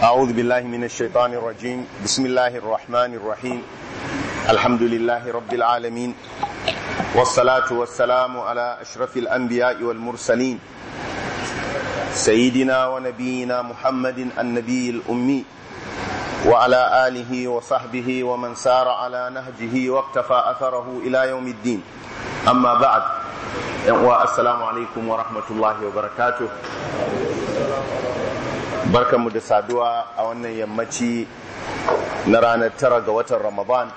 أعوذ بالله من الشيطان الرجيم بسم الله الرحمن الرحيم الحمد لله رب العالمين والصلاة والسلام على أشرف الأنبياء والمرسلين سيدنا ونبينا محمد النبي الأمي وعلى آله وصحبه ومن سار على نهجه واقتفى أثره إلى يوم الدين أما بعد والسلام عليكم ورحمة الله وبركاته barkanmu da saduwa a wannan yammaci na ranar tara ga watan ramadan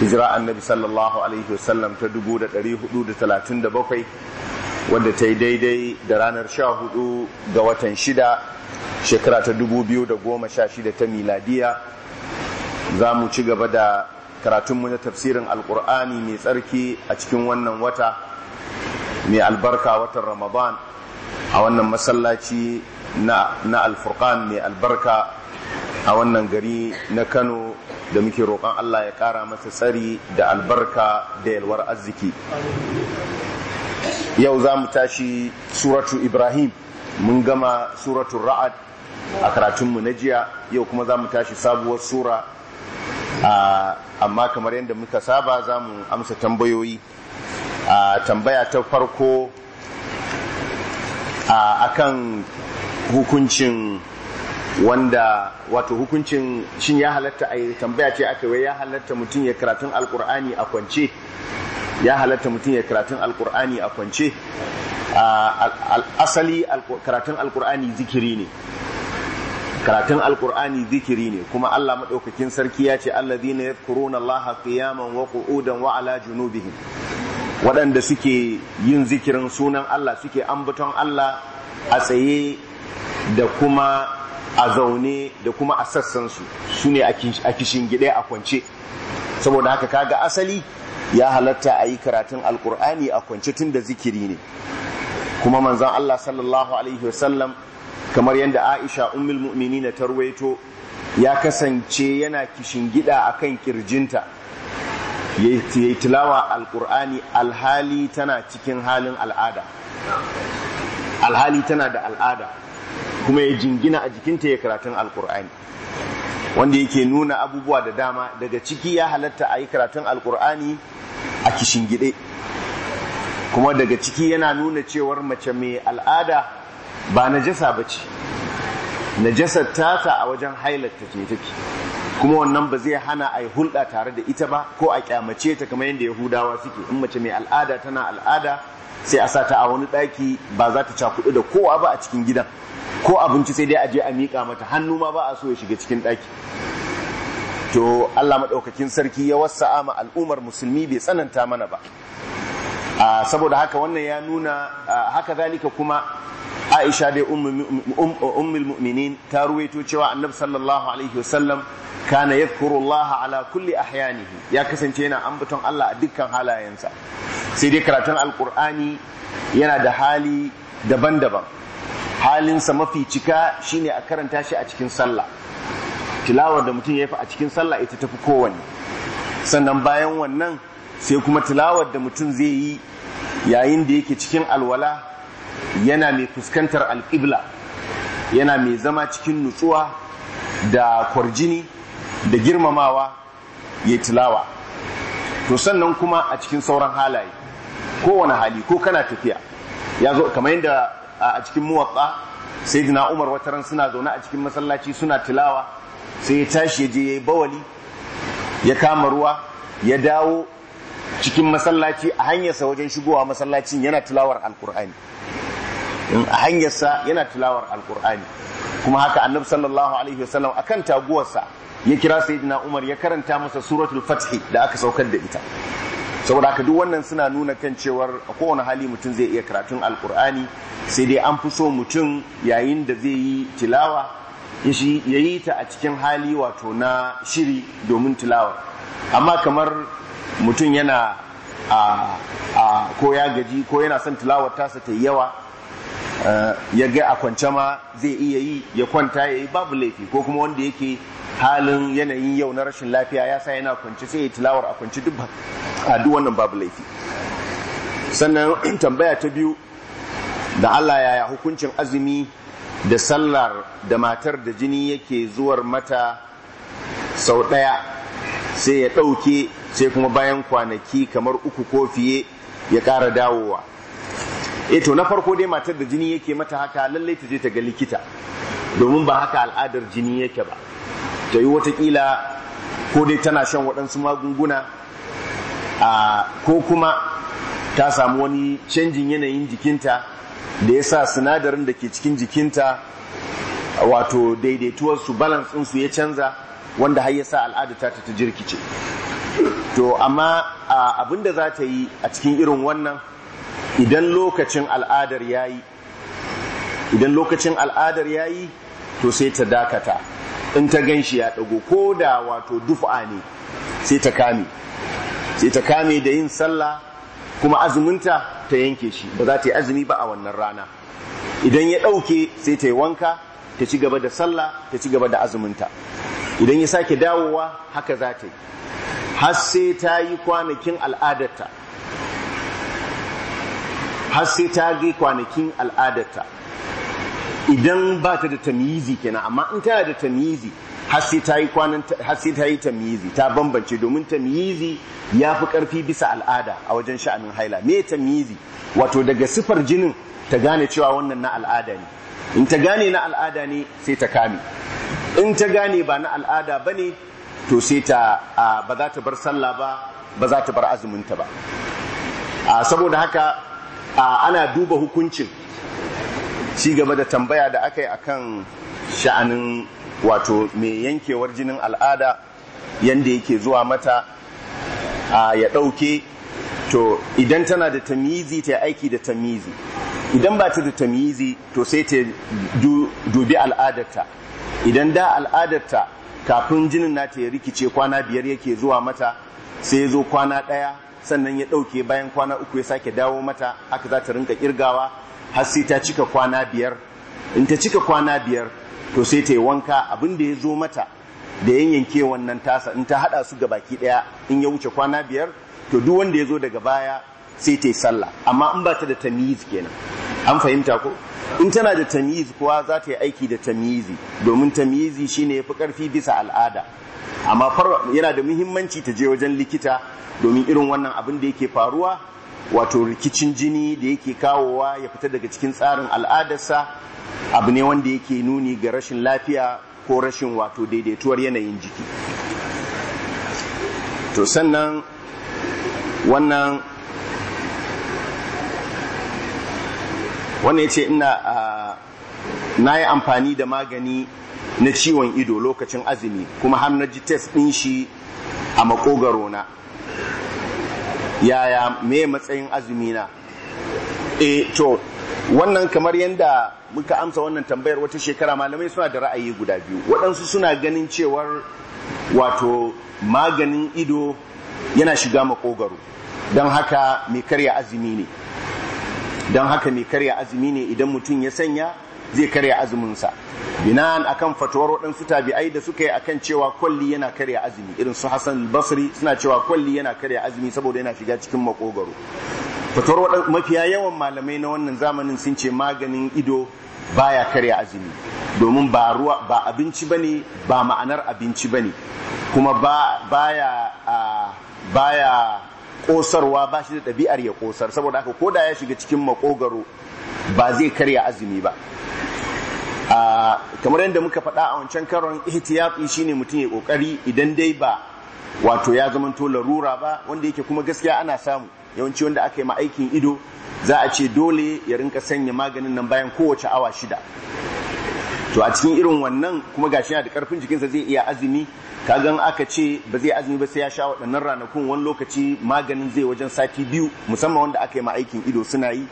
hijira annabi sallallahu alaihi wasallam ta bakwai. wadda ta yi daidai da ranar sha 14 ga watan shida shekara ta da goma sha shida ta miladiya za mu ci gaba da karatunmu na tafsirin alkur'ani mai tsarki a cikin wannan wata mai albarka watan ramadan a wannan masallaci na alfurkan mai albarka a wannan gari na kano da muke roƙon allah ya ƙara masa tsari da albarka da yalwar arziki yau za mu tashi suratu ibrahim mun gama suratu ra'ad a karatunmu na jiya yau kuma za mu tashi sabuwar sura amma kamar yadda muka saba za mu amsa tambayoyi tambaya ta farko a kan. hukuncin wanda wato hukuncin shin ya halatta a tambaya ce aka wai ya halatta mutum ya karatun alkur'ani a kwance ya halatta mutum ya karatun alkur'ani a kwance asali karatun alkur'ani zikiri ne karatun alkur'ani zikiri ne kuma Allah maɗaukakin sarki ya ce allazina yadhkuruna Allah qiyaman wa qu'udan wa ala junubihim waɗanda suke yin zikirin sunan Allah suke ambaton Allah a tsaye da kuma a zaune da kuma a sassan su ne a kishin gida a kwance saboda haka kaga asali ya halatta a yi karatun alkur'ani a kwance tun da zikiri ne kuma manzan Allah sallallahu alaihi wasallam kamar yadda Aisha ummul mu'minin ta ruwaito ya kasance yana kishin gida akan kirjinta yayi tilawa alkur'ani alhali tana cikin halin al'ada alhali tana da al'ada kuma ya jingina a jikinta ya karatun alkur'ani wanda yake nuna abubuwa da dama daga ciki ya halatta a yi karatun alkur'ani a kishingide kuma daga ciki yana nuna cewar mace mai al'ada ba najasa ba ce najasar tata a wajen hailarta ce take kuma wannan ba zai hana a yi hulɗa tare da ita ba ko a kyamace ta kamar yadda yahudawa suke in mace mai al'ada tana al'ada sai a sata a wani ɗaki ba za ta cakuɗu da kowa ba a cikin gidan ko abinci sai dai a je a miƙa mata hannu ma ba a so ya shiga cikin ɗaki to Allah maɗaukakin sarki ya wasa'a ma al'ummar musulmi bai tsananta mana ba saboda haka wannan ya nuna haka zalika kuma aisha da um, ummul mu'minin ta ruwaito cewa annabi sallallahu alaihi wasallam kana allaha ala kulli ahyanihi ya kasance yana ambaton Allah a dukkan halayensa sai dai karatun alqur'ani yana da hali daban-daban halinsa mafi cika shine a karanta shi a cikin sallah tilawar da mutum ya yi a cikin sallah ita tafi kowanne sannan bayan wannan sai kuma tilawar da mutum zai yi yayin da yake cikin alwala yana mai fuskantar alƙibla yana mai zama cikin nutsuwa da kwarjini da girmamawa ya tilawa to sannan kuma a cikin sauran halaye kowane hali ko kana tafiya ya zo kamar yadda a cikin muwatsa sai dina umar wataran suna zaune a cikin masallaci suna tilawa sai ya tashi ya je ya yi bawali ya kama ruwa ya dawo cikin masallaci a hanyarsa wajen shigowa masallacin yana tilawar alkur'ani a hanyarsa yana tilawar alkur'ani kuma haka annabi sallallahu alaihi wasallam akan taguwarsa ya kira sayyidina umar ya karanta masa suratul fathi da aka saukar da ita saboda haka duk wannan suna nuna kan cewar a kowane hali mutum zai iya karatun alkur'ani sai dai an fi so mutum yayin da zai yi tilawa ya yi ta a cikin hali wato na shiri domin tilawa amma kamar mutum yana a ko ya gaji ko yana son tilawar tasa ta yawa eh, ya ga a kwance ma zai iya yi ya kwanta ya yi babu laifi ko kuma wanda yake halin yanayin yau na rashin lafiya ya sa yana kwance sai ya tilawar a kwance duk a duk wannan babu laifi sannan tambaya ta biyu da Allah ya hukuncin azumi da sallar da matar da jini yake zuwar mata sau ɗaya sai ya ɗauke sai kuma bayan kwanaki kamar uku ko fiye ya ƙara dawowa e to na farko dai matar da jini yake mata haka lallai ta je ta ga likita domin ba haka al'adar jini yake ba ta yi watakila ko dai tana shan waɗansu magunguna a ko kuma ta samu wani canjin yanayin jikinta da ya sa sinadarin da ke cikin jikinta wato daidaituwarsu balance su ya canza wanda har yasa al'ada ta ta jirkice to amma abin da za ta yi a cikin irin wannan idan lokacin al'adar yayi idan lokacin al'adar yayi to sai ta dakata in ta ganshi ya dago ko da wato dufa ne sai ta kame sai ta kame da yin sallah kuma azuminta ta yanke shi ba za ta yi azumi ba a wannan rana idan ya ɗauke sai ta yi wanka ta ci gaba da sallah ta ci gaba da azuminta idan ya sake dawowa haka za ta yi hasse ta yi kwanakin al'adarta hasse ta yi kwanakin al'adarta idan ba ta da tamizi kenan amma in tana da tamizi hasse ta yi ta tamizi ta bambance domin tamizi ya fi karfi bisa al'ada a wajen sha'anin haila me tamizi wato daga sifar jinin ta gane cewa wannan na al'ada ne in ta gane na al'ada ne sai ta kame in ta gane ba na al'ada ba ne to sai ta ba za ta bar sallah ba ba za ta bar azuminta ba saboda haka ana duba hukuncin ci gaba da tambaya da aka yi a kan sha'anin wato mai yankewar jinin al'ada yanda yake zuwa mata ya ɗauke to idan tana da tamizi ta aiki da tamizi idan ba ta da tamizi to sai ta dubi al'adarta idan da al'adarta kafin jinin nata ya rikice kwana biyar yake zuwa mata sai ya zo kwana ɗaya sannan ya ɗauke bayan kwana uku ya sake dawo mata aka za ta rinka kirgawa har sai ta cika kwana biyar in ta cika kwana biyar to sai ta yi wanka abin da ya zo mata da yanyanke wannan tasa in ta haɗa su ga baki ɗaya in ya wuce kwana biyar to duk wanda ya zo daga baya sai ta yi sallah amma in ba ta da tamiz kenan an fahimta ko in tana da tamyiz kuwa za ta yi aiki da tamyizi domin tamyizi shine yafi karfi bisa al'ada amma yana da muhimmanci ta je wajen likita domin irin wannan abin da yake faruwa wato rikicin jini da yake kawowa ya fita daga cikin tsarin al'adarsa abu ne wanda yake nuni ga rashin lafiya ko rashin wato daidaituwar yanayin jiki to sannan wannan wannan ya ce ina na yi amfani da magani na ciwon ido lokacin azumi kuma har na ji test ɗin shi a makogaro na yaya me matsayin azumi na e to wannan kamar yadda muka amsa wannan tambayar wata shekara malamai suna da ra'ayi guda biyu waɗansu suna ganin cewar wato maganin ido yana shiga makogaro don haka mai karya azumi ne don haka mai karya azumi ne idan mutum ya sanya zai karya azuminsa binan akan fatuwar waɗansu tabi'ai da suka yi akan cewa kwalli yana karya azumi irin su hassan basri suna cewa kwalli yana karya azumi saboda yana shiga cikin makogaro fatuwar mafiya yawan malamai na wannan zamanin sun ce maganin ido baya karya azumi domin ba ruwa ba abinci bane ba ma'anar abinci bane kuma ba baya baya ƙosarwa ba shi da ɗabi'ar ya kosar saboda haka koda ya shiga cikin makogaro ba zai karya azumi ba kamar yadda muka faɗa a wancan karon ihtiyati shine mutum ya kokari idan dai ba wato ya zama zamanto larura ba wanda yake kuma gaskiya ana samu yawanci wanda aka yi ma aikin ido za a ce dole ya rinka sanya maganin nan bayan kowace awa shida to a cikin irin wannan kuma gashi yana da karfin jikinsa zai iya azumi kagan aka ce ba zai azumi ba sai ya sha waɗannan ranakun wani lokaci maganin zai wajen sati biyu musamman wanda aka yi ma aikin ido suna yi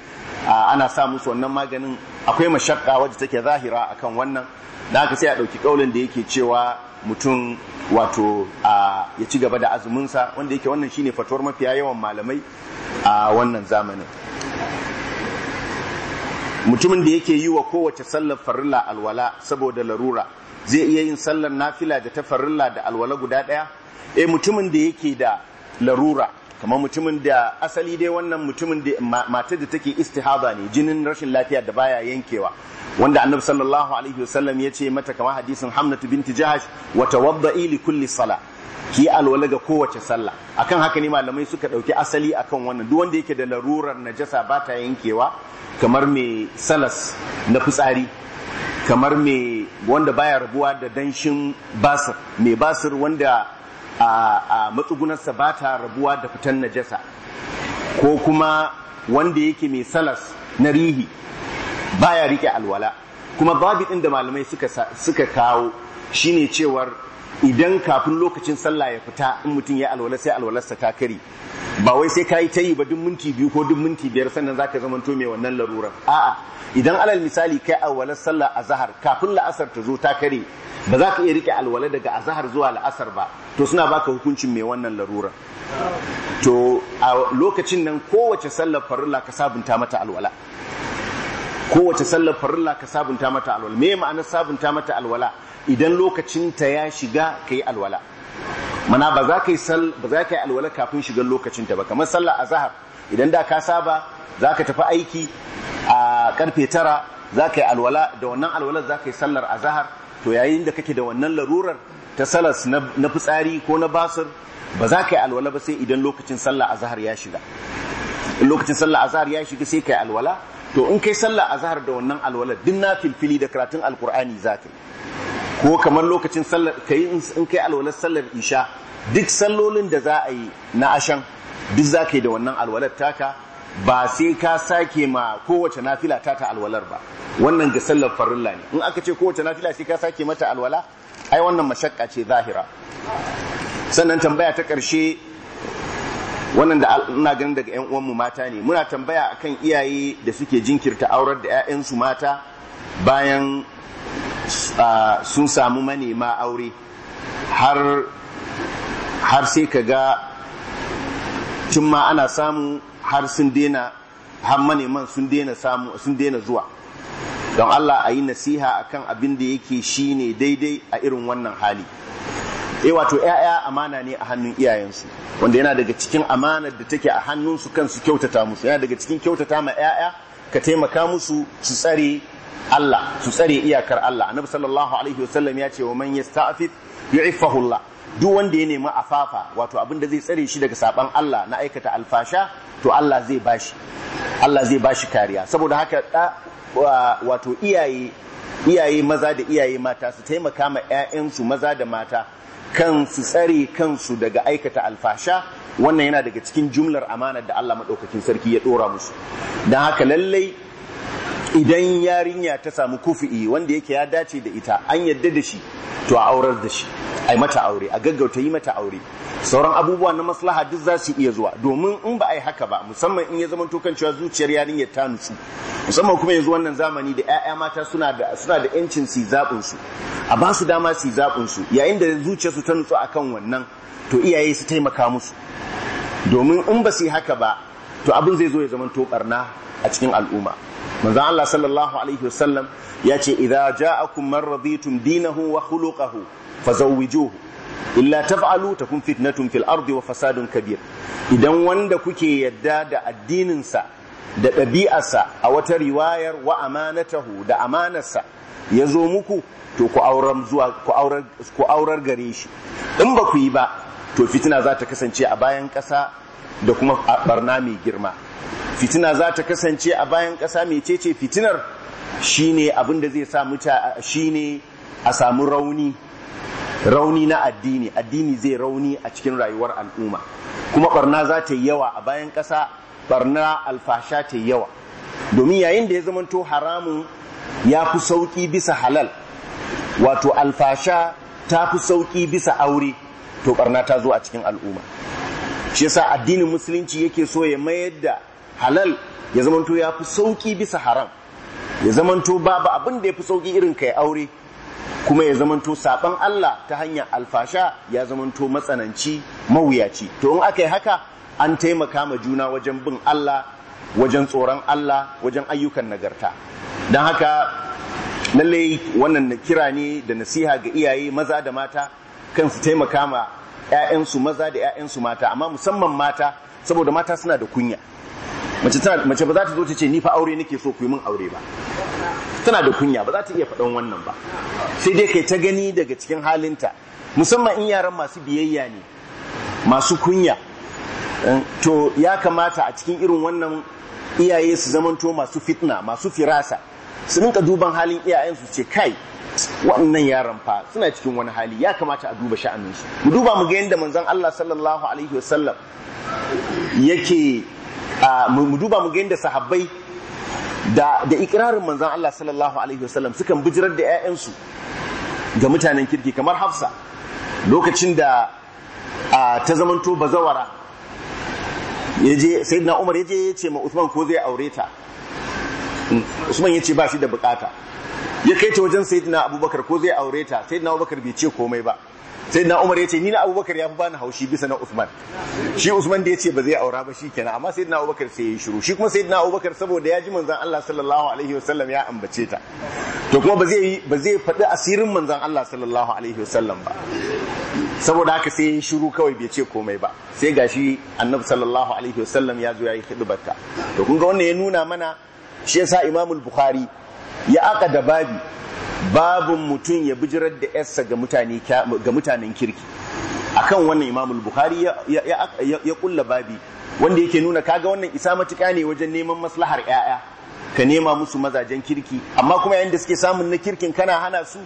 ana sa musu wannan maganin akwai mashakka wadda take zahira akan wannan da aka sai a ɗauki ƙaulin da yake cewa mutum wato ya ci gaba da azuminsa wanda yake wannan shine fatuwar mafiya yawan malamai a wannan zamanin mutumin da yake yi wa kowace sallar farilla alwala saboda larura zai iya yin sallar nafila da tafarrilla da alwala guda ɗaya eh mutumin da yake da larura kamar mutumin da asali dai wannan mutumin da matar da take istihaba ne jinin rashin lafiya da baya yankewa wanda annabi sallallahu alaihi wasallam ya ce mata kamar hadisin hamnatu binti jahash wa tawadda'i li kulli sala ki alwala ga kowace sallah akan haka ne malamai suka dauki asali akan wannan duk wanda yake da larurar najasa ba ta yankewa kamar mai salas na fitsari kamar mai wanda baya rabuwa da danshin basir mai basir wanda a matsugunarsa ba ta rabuwa da fitan najasa ko kuma wanda yake mai salas na rihi baya rike alwala kuma babu inda malamai suka kawo shine cewar idan kafin lokacin sallah ya fita in mutum ya alwala sai alwalarsa ta kare ba wai sai ka yi ta yi ba duk minti biyu ko duk minti biyar sannan za ka zama to mai wannan larurar a'a idan alal misali kai alwalar sallah a zahar kafin la'asar ta zo ta kare ba za ka iya rike alwala daga azhar zuwa la'asar ba to suna baka hukuncin mai wannan larurar to a lokacin nan kowace sallar farilla ka sabunta mata alwala kowace sallar farilla ka sabunta mata alwala me ma'ana sabunta mata alwala idan lokacinta ya shiga ka yi alwala mana ba za ka yi ba za ka yi alwala kafin shigar lokacinta ba kamar sallar azhar idan da ka saba za ka tafi aiki a karfe tara za ka yi alwala da wannan alwala za ka yi sallar azahar to yayin da kake da wannan larurar ta salas na fitsari ko na basir ba za ka yi alwala ba sai idan lokacin sallar azhar ya shiga lokacin sallar azahar ya shiga sai ka yi alwala to in kai sallah zahar da wannan alwalar din na filfili da karatun alkur'ani za ka yi ko kamar lokacin sallar kai in kai alwalar sallar isha duk sallolin da za a yi na ashan duk za ka yi da wannan alwalar taka ba sai ka sake ma kowace nafila ta ta alwalar ba wannan ga sallar farilla ne in aka ce kowace nafila sai ka sake mata alwala ai wannan mashakka ce zahira sannan tambaya ta karshe wannan da ina ganin daga yan uwanmu mata ne muna tambaya akan iyaye da suke jinkirta aurar da 'ya'yansu mata bayan sun samu manema aure har har sai ka ga tun ma ana samu har sun dena har maneman sun dena samu sun dena zuwa don Allah a yi nasiha akan abin da yake ne daidai a irin wannan hali eh wato ƴaƴa amana ne a hannun iyayensu wanda yana daga cikin amanar da take a hannunsu kansu kyautata musu yana daga cikin kyautata ma ƴaƴa ka taimaka musu su tsare Allah su tsare iyakar Allah annabi sallallahu alaihi wasallam ya ce wa man yasta'fif yu'iffahu Allah duk wanda ya nemi afafa wato abin da zai tsare shi daga saban Allah na aikata alfasha to Allah zai bashi Allah zai bashi kariya saboda haka da wato iyaye iyaye maza da iyaye mata su taimaka ma 'ya'yansu maza da mata Kansu tsare kansu daga aikata alfasha wannan yana daga cikin jumlar amanar da Allah maɗaukakin sarki ya ɗora musu don haka lallai idan yarinya ta samu kufi'i wanda yake ya dace da ita an yadda da shi to a aurar da shi a mata aure a gaggauta yi mata aure sauran abubuwa na maslaha duk za su iya zuwa domin in ba a yi haka ba musamman in ya zama tokan cewa zuciyar yarinyar ta nutsu musamman kuma yanzu wannan zamani da 'ya'ya mata suna da suna da yancin su zaɓin su a ba su dama su zaɓin su yayin da zuciyar su ta nutsu akan wannan to iyaye su taimaka musu domin in ba su yi haka ba to abin zai zo ya zama to barna a cikin al'umma manzo Allah sallallahu alaihi wasallam ya ce idza ja'akum man raditum dinahu wa khuluquhu fazawwijuhu illa taf'alu takun fitnatun fil ardi wa fasadun kabir idan wanda kuke yadda da addinin sa da ɗabi'arsa a wata riwayar wa amanatahu da amanarsa ya zo muku to ku aurar zuwa ku aurar gare shi in ba ku yi ba to fitina za ta kasance a bayan ƙasa da kuma barna mai girma fitina za ta kasance a bayan ƙasa mecece fitinar shine abin da zai sa muta shine a samu rauni rauni na addini addini zai rauni a cikin rayuwar al'umma kuma barna za ta yi yawa a bayan ƙasa barna alfasha ta yi yawa domin yayin da ya zamanto haramun ya fi sauƙi bisa halal wato alfasha ta fi sauƙi bisa aure to barna ta zo a cikin al'umma shi yasa addinin musulunci yake so ya mayar da halal ya zamanto ya fi sauki bisa haram ya zamanto babu abin da ya fi sauki irin kai aure kuma ya zamanto saban Allah ta hanyar alfasha ya zamanto matsananci mawuyaci to in aka yi haka an taimaka ma juna wajen bin Allah wajen tsoron Allah wajen ayyukan nagarta don haka lallai wannan kira ne da nasiha ga iyaye maza da mata kan su taimaka ma 'ya'yansu maza da 'ya'yansu mata amma musamman mata saboda mata suna da kunya mace ba za ta zo ta ce ni fa aure nake so ku yi min aure ba tana da kunya ba za ta iya faɗan wannan ba sai dai kai ta gani daga cikin halinta musamman in yaran masu biyayya ne masu kunya eh, to ya kamata a cikin irin wannan iyaye su zamanto masu fitna masu firasa su rinka duban halin iyayensu ce kai waɗannan yaran fa suna cikin wani hali ya kamata a duba sha'aninsu mu duba mu ga yadda manzon Allah sallallahu alaihi wasallam yake mu duba mu ga yadda sahabbai da da ikrarin manzon Allah sallallahu alaihi wasallam sukan bijirar da ƴaƴansu ga mutanen kirki kamar Hafsa lokacin da ta zamanto bazawara yaje sayyidina Umar yaje ya ce ma Uthman ko zai aure ta Usman ya ce ba shi da bukata ya kai ta wajen sayidina abubakar ko zai aure ta sayidina abubakar bai ce komai ba sayidina umar ya ce ni na abubakar ya fi bani haushi bisa na usman shi usman da ya ce ba zai aura ba shi kenan amma sayidina abubakar sai ya yi shiru shi kuma sayidina abubakar saboda ya ji manzon Allah sallallahu alaihi wasallam ya ambace ta to kuma ba zai ba zai faɗi asirin manzon Allah sallallahu alaihi wasallam ba saboda haka sai ya yi shiru kawai bai ce komai ba sai gashi annabi sallallahu alaihi wasallam ya zo ya yi hidibarta to kun ga wannan ya nuna mana shi yasa imamul bukhari ya aka da babi babin mutum ya bijirar da yarsa ga mutanen kirki akan wannan imamul buhari ya kulla babi wanda yake nuna kaga wannan isa matuka ne wajen neman maslahar 'ya'ya ka nema musu mazajen kirki amma kuma yayin da suke samun na kirkin kana hana su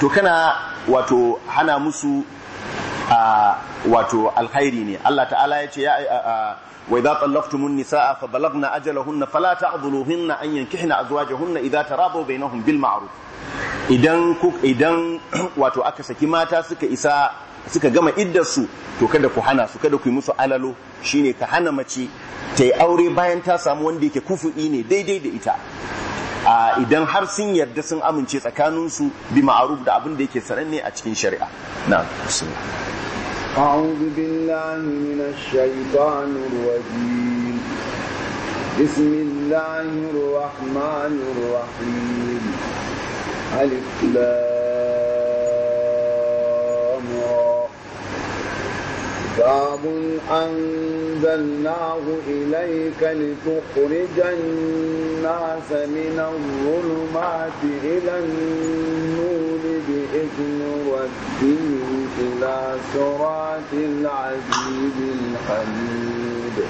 to kana wato hana musu wato alkhairi ne Allah ta'ala ya ce wa idza talaqtumun nisaa fa balagna ajalahunna fala ta'dhuluhunna an yankihna azwajahunna idza ta bainahum bil ma'ruf idan ku idan wato aka saki mata suka isa suka gama iddar su to kada ku hana su kada ku yi musu alalo shine ka hana mace ta yi aure bayan ta samu wanda yake kufu'i ne daidai da ita idan har sun yarda sun amince tsakaninsu bi ma'aruf da abin da yake sananne a cikin shari'a na أعوذ بالله من الشيطان الرجيم بسم الله الرحمن الرحيم الإخلاص كتاب أنزلناه إليك لتخرج الناس من الظلمات إلى النور بإذن ربهم إلى صراط العزيز الحميد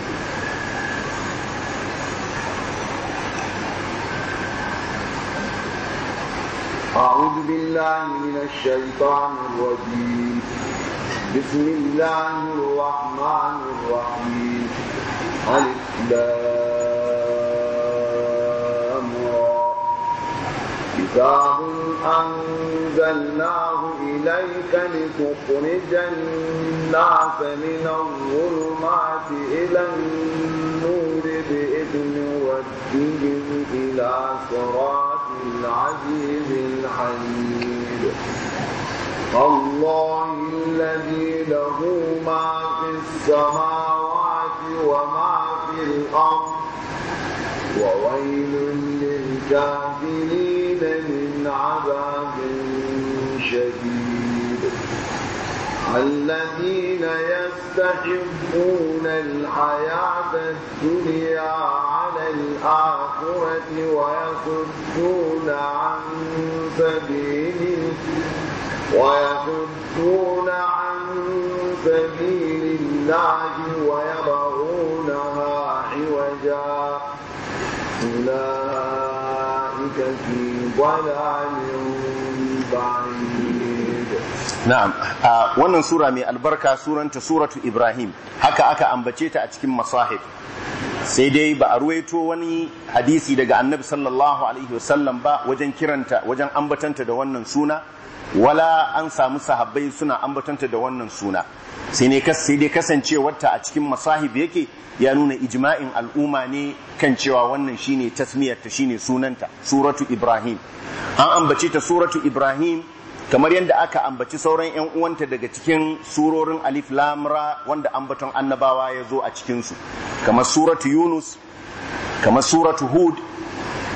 أعوذ بالله من الشيطان الرجيم بسم الله الرحمن الرحيم ألف كتاب أنزلناه إليك لتخرج الناس من الظلمات إلى النور بإذن ربهم إلى صراط العزيز الحميد الله الذي له ما في السماوات وما في الأرض وويل للكافرين من عذاب شديد الذين يستحبون الحياة الدنيا على الآخرة ويصدون عن سبيل ويصدون عن سبيل الله ويبغونها عوجا wannan sura mai albarka suranta suratu Ibrahim haka aka ambace ta a cikin masahib sai dai ba a ruwaito wani hadisi daga annabi sallallahu alaihi wasallam ba wajen kiranta wajen ambatanta da wannan suna wala an samu sahabbai suna ambatanta da wannan suna sai ne sai dai wata a cikin masahib yake ya nuna ijma'in al'umma ne kan cewa wannan shine tasmiyarta shine sunanta suratu ibrahim an ambace ta suratu ibrahim kamar yadda aka ambaci sauran yan uwanta daga cikin surorin alif lamra wanda ambaton annabawa ya zo a cikinsu kamar suratu yunus kamar suratu hud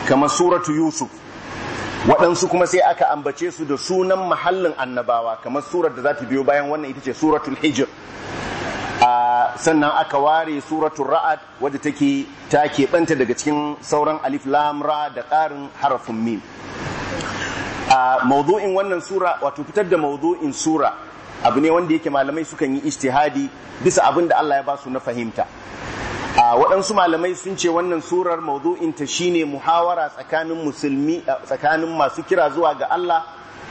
kamar suratu yusuf waɗansu kuma sai aka ambace su da sunan mahallin annabawa kamar surar da za ta biyo bayan wannan ita ce suratul hijir. sannan aka ware suratul ra'ad wadda take ta keɓanta daga cikin sauran alif lam da ƙarin harafin mim a maudu'in wannan sura wato fitar da maudu'in sura abu ne wanda yake malamai sukan yi istihadi bisa abin da Allah ya ba su na fahimta waɗansu malamai sun ce wannan surar mawdu'inta shine muhawara tsakanin musulmi tsakanin masu kira zuwa ga Allah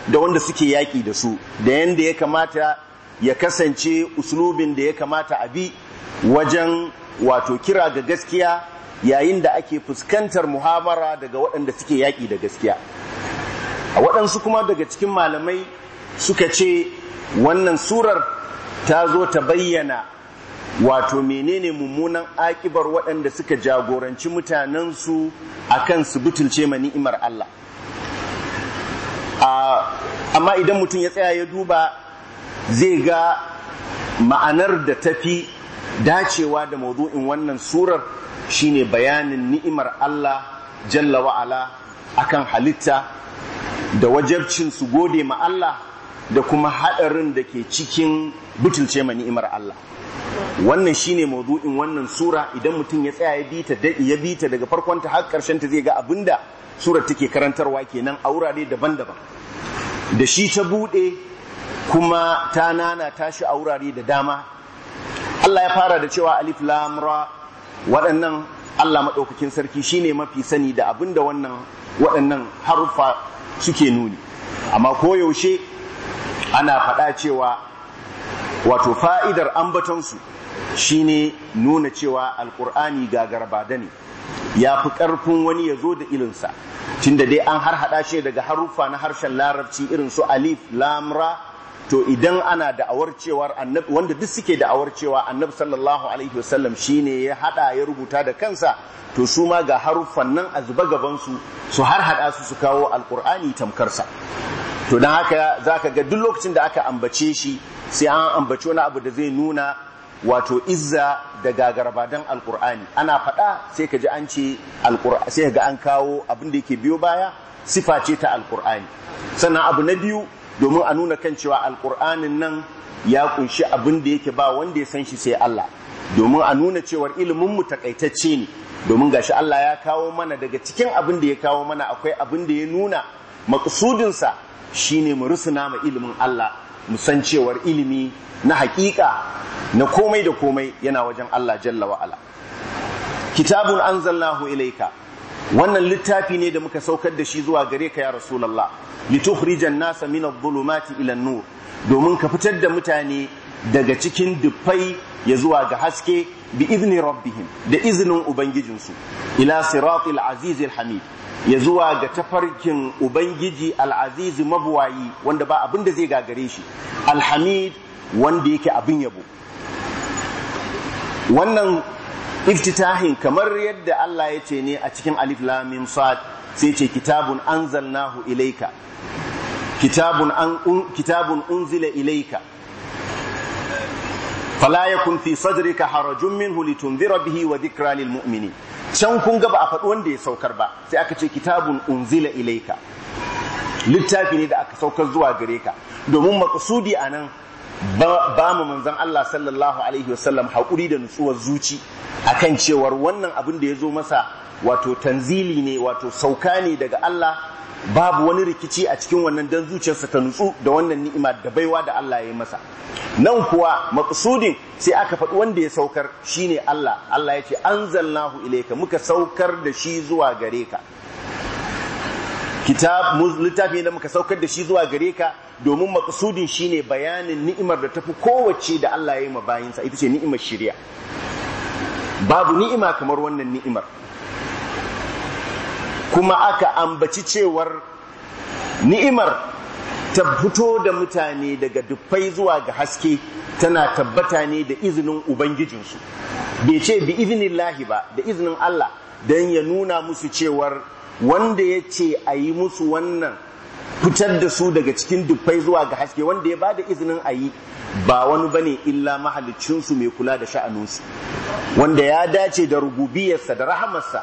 da wanda suke yaƙi da su da yanda ya kamata ya kasance uslubin da ya kamata a bi wajen wato kira ga gaskiya yayin da ake fuskantar muhawara daga waɗanda suke yaƙi da gaskiya a waɗansu kuma daga cikin malamai suka ce wannan surar ta zo ta bayyana wato menene mummunan akibar waɗanda suka jagoranci mutanensu a kan su butulce ma ni'imar Allah amma idan mutum ya tsaya ya duba zai ga ma'anar da tafi dacewa da maudu'in wannan surar shine bayanin ni'imar Allah jalla wa'ala akan halitta da wajabcin su gode ma Allah da kuma haɗarin da ke cikin butulce ma ni'imar Allah wannan shine maudu'in wannan sura idan mutum ya tsaya ya bita ya bita daga farkon ta har karshen ta zai ga abin da surar take karantarwa kenan a wurare daban-daban da shi ta bude kuma ta nana tashi a wurare da dama Allah ya fara da cewa alif lam ra waɗannan Allah maɗaukakin sarki shine mafi sani da abinda wannan waɗannan haruffa suke nuni amma koyaushe ana faɗa cewa wato fa'idar ambatonsu ne nuna cewa alkur'ani Garba da ne ya fi ƙarfin wani ya zo da ilinsa tunda dai an har haɗa shi daga haruffa na harshen larabci irin su alif lamra to idan ana da'awar cewar annab wanda duk suke da'awar cewa annabi sallallahu alaihi wasallam shine ya haɗa ya rubuta da kansa to su ma ga haruffan nan a zuba gabansu su har haɗa su su kawo alkur'ani tamkarsa to don haka za ka ga duk lokacin da aka ambace shi sai an ambace wani abu da zai nuna wato izza da gagarbadan alkur'ani ana faɗa sai ka ji an ce sai ga an kawo abin da yake biyo baya sifa ce ta alkur'ani sannan abu na biyu domin a nuna kan cewa alkur'anin nan ya kunshi abin da yake ba wanda ya san shi sai Allah domin a nuna cewar ilimin mu takaitacce ne domin gashi Allah ya kawo mana daga cikin abin da ya kawo mana akwai abin da ya nuna maksudinsa shine mu rusuna ma ilimin Allah mu san cewar ilimi na hakika na komai da komai yana wajen Allah jalla wa ala kitabun anzalnahu ilaika wannan littafi ne da muka saukar da shi zuwa gare ka ya rasulullah litukhrijan nasa min adh-dhulumati ila nur domin ka fitar da mutane daga cikin dufai ya zuwa ga haske bi izni rabbihim da izinin ubangijinsu ila siratil azizil hamid ya zuwa ga tafarkin ubangiji al'aziz mabuwayi wanda ba abin da zai gagare shi alhamid wanda yake abin yabo wannan iftitahin kamar yadda Allah ya ce ne a cikin alif lamim sad sai ce kitabun anzalnahu ilaika kitabun an kitabun unzila ilaika fala yakun fi sadrika harajun minhu litunzira bihi wa dhikra lil can kun ga ba a faɗi wanda ya saukar ba sai aka ce kitabun unzila ilaika littafi ne da aka saukar zuwa gare ka domin makasudi a nan ba mu manzan Allah sallallahu alaihi wasallam haƙuri da nutsuwar zuci akan cewar wannan abin da ya zo masa wato tanzili ne wato sauka ne daga Allah babu wani rikici a cikin wannan dan zuciyarsa ta nutsu da wannan ni'ima da baiwa da Allah ya yi masa nan kuwa maqsudin sai aka faɗi wanda ya saukar shine Allah Allah ya ce anzalnahu ilayka muka saukar da shi zuwa gare ka kitab littafi da muka saukar da shi zuwa gare ka domin maqsudin shine bayanin ni'imar da tafi kowace da Allah ya yi ma bayinsa ita ce ni'imar shari'a babu ni'ima kamar wannan ni'imar kuma aka ambaci cewar ni'imar ta fito da mutane daga dufai zuwa ga haske tana tabbata ne da izinin ubangijinsu bai ce bi izinin lahi ba da izinin Allah don ya nuna musu cewar wanda ya ce a yi musu wannan fitar da su daga cikin dufai zuwa ga haske wanda ya bada izinin a yi ba wani bane illa mahalicinsu mai kula da sha'anunsu wanda ya dace da rububiyarsa da rahamarsa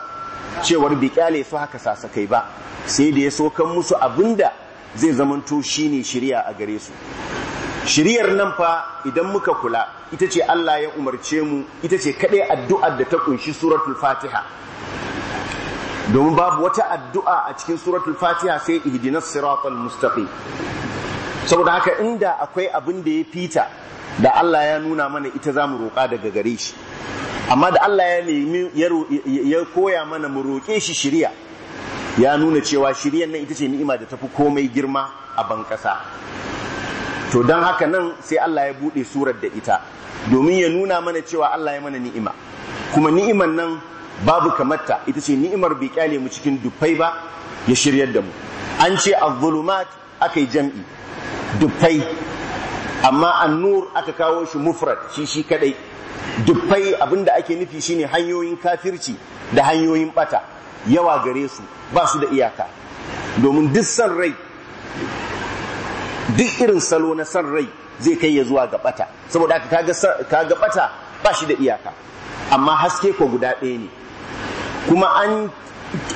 cewar bi kyale su haka sasakai ba sai da ya sokan musu abin da zai zamanto shine shiriya a gare su shiriyar nan fa idan muka kula ita ce Allah ya umarce mu ita ce kadai addu'ar da ta kunshi suratul fatiha domin babu wata addu'a a cikin suratul fatiha sai ihdinas siratal mustaqim saboda haka inda akwai abin da ya fita da Allah ya nuna mana ita zamu roƙa daga gare shi amma da Allah ya nemi ya koya mana mu roƙe shi shiriya ya nuna cewa shiriyan nan ita ce ni'ima da tafi komai girma a ban to don haka nan sai Allah ya buɗe surar da ita domin ya nuna mana cewa Allah ya mana ni'ima kuma ni'iman nan babu kamata ita ce ni'imar bai kyale mu cikin dufai ba ya shiryar da mu an ce az-zulumat akai jam'i dufai amma an-nur aka kawo shi mufrad shi shi kadai dubbai abinda ake nufi shine hanyoyin kafirci da hanyoyin bata yawa gare su ba su da iyaka domin duk san rai duk irin salo na san rai zai kai ya zuwa ga bata saboda haka kaga bata ba shi da iyaka amma haske ko guda ɗaya ne kuma an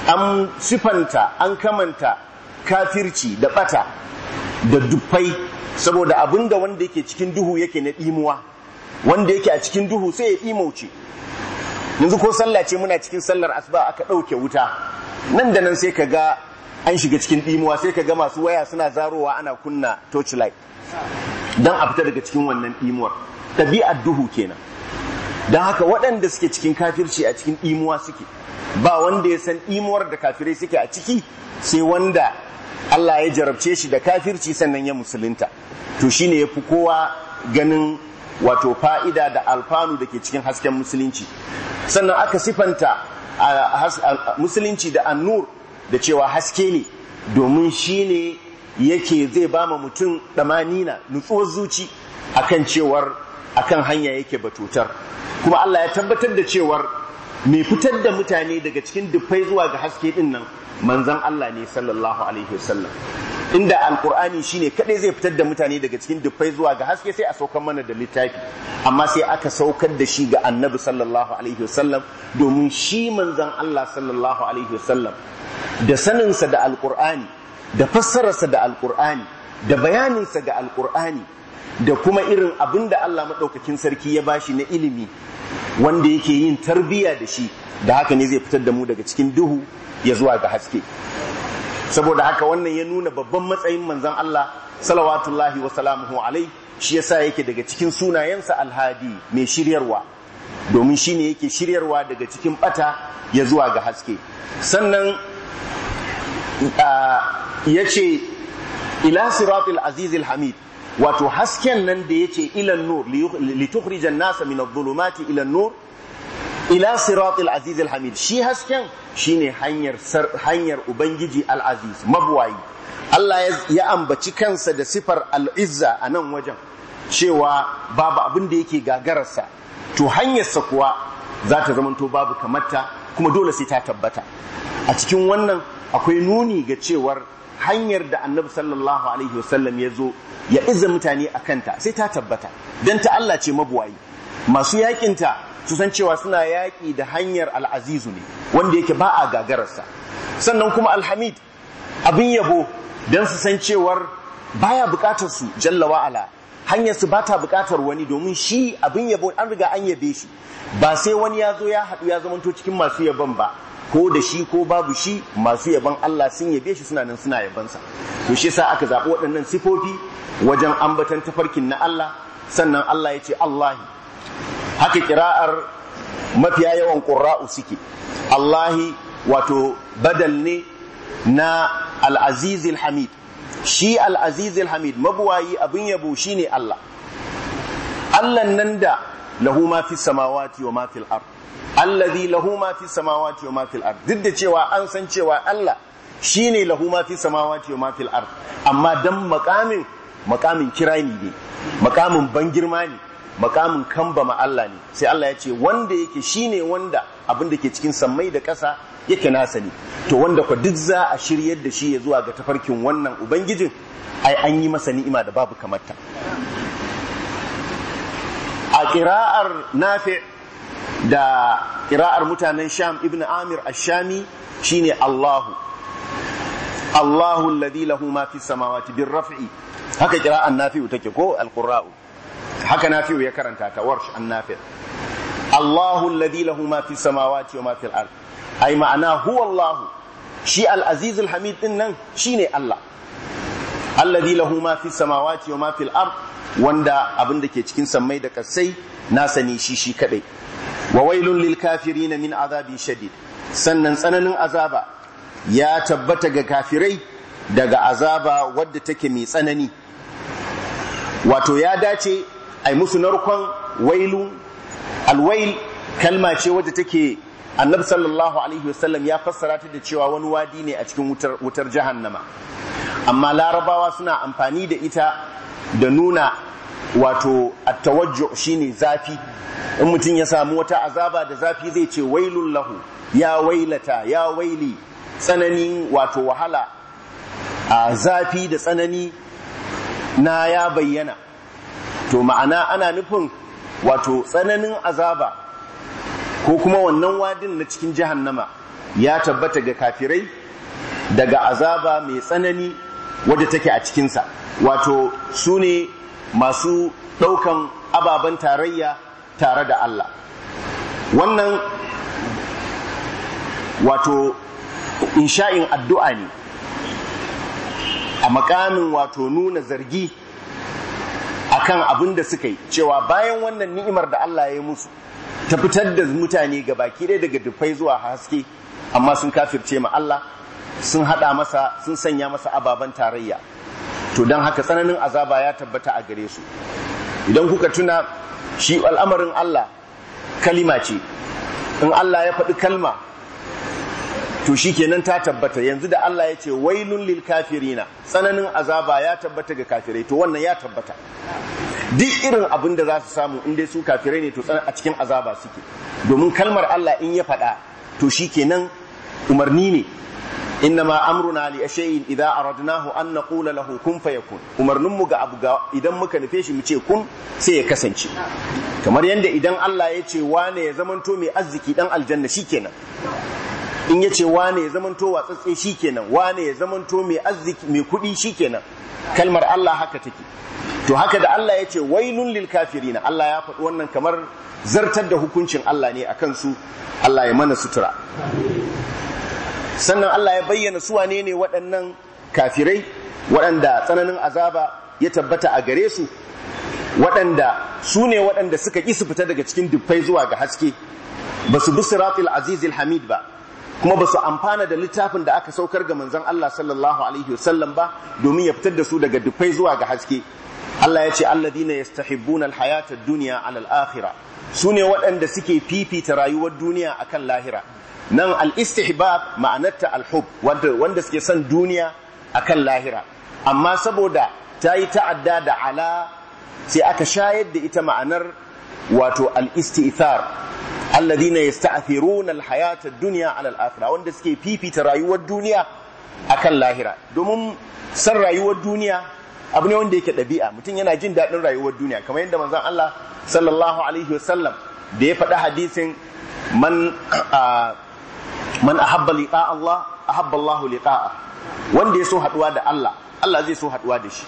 an sifanta an kamanta kafirci da bata da dubbai saboda abinda wanda yake cikin duhu yake na ɗimuwa wanda yake a cikin duhu sai ya imauce yanzu ko sallah ce muna cikin sallar asuba aka ɗauke wuta nan da nan sai ka ga an shiga cikin ɗimuwa sai ka ga masu waya suna zarowa ana kunna torchlight don a fita daga cikin wannan ɗimuwar ɗabi'ar duhu kenan don haka waɗanda suke cikin kafirci a cikin ɗimuwa suke ba wanda ya san ɗimuwar da kafirai suke a ciki sai wanda Allah ya jarabce shi da kafirci sannan ya musulunta to shine ya fi kowa ganin wato fa'ida da alfanu da ke cikin hasken musulunci sannan aka sifanta musulunci da annur da cewa haske ne domin shi ne yake zai ba ma mutum ɗamanina nutsuwar zuci akan cewar akan hanya yake batutar kuma Allah ya tabbatar da cewar mai fitar da mutane daga cikin dufai zuwa ga haske ɗin nan manzan Allah ne sallallahu alaihi wasallam inda alkur'ani shine kadai zai fitar da mutane daga cikin dufai zuwa ga haske sai a saukar mana da littafi amma sai aka saukar da shi ga annabi sallallahu alaihi wasallam domin shi manzon Allah sallallahu alaihi wasallam da saninsa da alkur'ani da fassararsa da alkur'ani da bayaninsa ga alkur'ani da kuma irin abin da Allah maɗaukakin sarki ya bashi na ilimi wanda yake yin tarbiyya da shi da haka ne zai fitar da mu daga cikin duhu ya zuwa ga haske saboda haka wannan ya nuna babban matsayin manzon Allah salawatullahi wa salamuhu alai shi yasa yake daga cikin sunayensa alhadi mai shiryarwa domin shine yake shiryarwa daga cikin bata ya zuwa ga haske sannan ya ce ila siratul azizil hamid wato hasken nan da ya ce ilan nur li tukhrijan nasa min adh-dhulumati ila nur ila siratul aziz hamid shi hasken shine hanyar hanyar ubangiji al'aziz mabuwayi. Allah ya ambaci kansa da sifar al'izza a nan wajen cewa babu abin da yake gagararsa to hanyarsa kuwa za ta zamanto babu kamata kuma dole sai ta tabbata a cikin wannan akwai nuni ga cewar hanyar da annabi sallallahu alaihi wasallam ya zo ya iza mutane a kanta sai ta tabbata don ta Allah ce mabuwayi masu yakinta su san cewa suna yaƙi da hanyar al'azizu ne wanda yake ba a gagararsa sannan kuma alhamid abin yabo don su san cewar baya buƙatar su jalla wa'ala hanyar su bata buƙatar wani domin shi abin yabo an riga an yabe shi ba sai wani ya zo ya haɗu ya zamanto cikin masu yabon ba ko da shi ko babu shi masu yabon Allah sun yabe shi suna nan suna yabansa to shi yasa aka zaɓi waɗannan sifofi wajen ambatan tafarkin na Allah sannan Allah ya ce Allahi haka kira'ar mafiya yawan ƙura'u suke Allahi wato badal ne na al'azizil hamid shi al'azizil hamid mabuwayi abin yabo shi ne Allah Allah nan da lahu ma fi samawati wa ma fil allazi lahu ma fi samawati wa ma fil duk da cewa an san cewa Allah shine lahu ma fi samawati wa ma fil amma dan makamin makamin kirani ne makamin ban girma ne makamin kambama Allah ne sai Allah ya ce wanda yake shine wanda abin da ke cikin sammai da ƙasa yake nasa ne to wanda kwa duk za a shiryar da shi ya zuwa ga tafarkin wannan ubangijin ai an yi masa ni'ima da babu kamarta a ƙira'ar nafi da ƙira'ar mutanen sham ibn amir ashami shine Allahu Allahu alladhi lahu ma fi samawati bir raf'i haka ƙira'ar nafi'u take ko al haka nafi'u ya karanta ta warsh an nafi' Allahu alladhi lahu ma fi samawati wa ma fil ard ai ma'ana huwa Allah shi al-aziz al-hamid din nan shine Allah alladhi lahu ma fi samawati wa ma fil ard wanda abin da ke cikin sammai da kasai na sani shi shi kadai wa wailun lil kafirin min azabin shadid sannan tsananin azaba ya tabbata ga kafirai daga azaba wadda take mai tsanani wato ya dace ai musu narkon wailu alwail kalma ce wadda take annabi sallallahu alaihi wasallam ya fassara ta da cewa wani wadi ne a cikin wutar, wutar jahannama amma larabawa suna amfani da ita da nuna wato attawajju shine zafi in mutum ya samu wata azaba da zafi zai ce wailul lahu ya wailata ya waili tsananin wato wahala a zafi da tsanani na ya bayyana to ma'ana ana nufin wato tsananin azaba ko kuma wannan wadin na cikin jahannama ya tabbata ga kafirai daga azaba mai tsanani wadda take a cikinsa wato su ne masu ɗaukan ababen tarayya tare da Allah wannan wato insha'in addu'a ne a makamin wato nuna zargi akan abin da suka yi cewa bayan wannan ni'imar da Allah ya musu ta fitar da mutane ga baki ɗaya daga dufai zuwa haske amma sun kafirce ma Allah sun hada masa sun sanya masa ababen tarayya to don haka tsananin azaba ya tabbata a gare su idan kuka tuna shi al'amarin Allah kalima ce in Allah ya faɗi kalma to shi kenan ta tabbata yanzu da Allah ya ce wailun lil kafirina tsananin azaba ya tabbata ga kafirai to wannan ya tabbata duk irin abin da za su samu in dai su kafirai ne to a cikin azaba suke domin kalmar Allah in ya faɗa to shi kenan umarni ne innama amruna li shay'in idza aradnahu an naqula lahu kun fayakun umarnin mu ga abu ga idan muka nufe shi mu ce kun sai ya kasance kamar yanda idan Allah ya ce wane ya zamanto mai arziki dan aljanna shikenan in ya ce wane ya zamanto watsatse shi kenan wane ya zamanto mai arziki mai kuɗi shi kenan kalmar Allah haka take to haka da Allah ya ce wailun lil kafirina Allah ya faɗi wannan kamar zartar da hukuncin Allah ne akan su Allah ya mana sutura sannan Allah ya bayyana su wane ne waɗannan kafirai waɗanda tsananin azaba ya tabbata a gare su waɗanda su ne waɗanda suka ƙi su fita daga cikin dubbai zuwa ga haske ba su bi siratul hamid ba kuma ba su amfana da littafin da aka saukar ga manzon Allah sallallahu alaihi wasallam ba domin ya fitar da su daga dufai zuwa ga haske Allah ya ce alladina yastahibbuna alhayata ad-dunya ala al-akhirah sune waɗanda suke fifita rayuwar duniya akan lahira nan al-istihbab ma'anarta al-hub wanda wanda suke son duniya akan lahira amma saboda ta yi ta'adda da ala sai aka shayar da ita ma'anar wato al-istithar alladina yasta'thiruna alhayata ad-dunya ala al-akhirah wanda suke fifita rayuwar duniya akan lahira domin san rayuwar duniya abu ne wanda yake ɗabi'a mutum yana jin daɗin rayuwar duniya kamar yadda manzon Allah sallallahu alaihi wasallam da ya faɗi hadisin man man ahabba liqa Allah ahabba Allah liqa'a wanda ya so haduwa da Allah Allah zai so haduwa da shi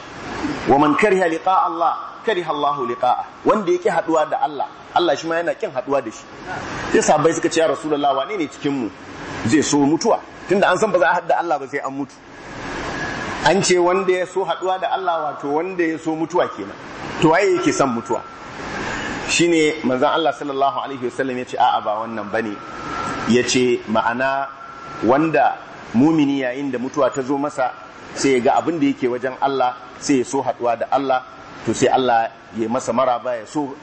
wa man kariha liqa Allah kariha Allah liqa'a wanda yake haduwa da Allah Allah shi ma yana kin haduwa da shi sai sahabbai suka ce ya rasulullah wane ne cikin mu zai so mutuwa tunda an san ba za a hadda Allah ba sai an mutu an ce wanda ya so haduwa da Allah wato wanda ya so mutuwa kenan to waye yake son mutuwa shine manzon Allah sallallahu alaihi wasallam ya a'a ba wannan bane yace ma'ana wanda mumini yayin da mutuwa ta zo masa sai ya ga abin da yake wajen Allah sai ya so haduwa da Allah to sai Allah ya masa maraba ya so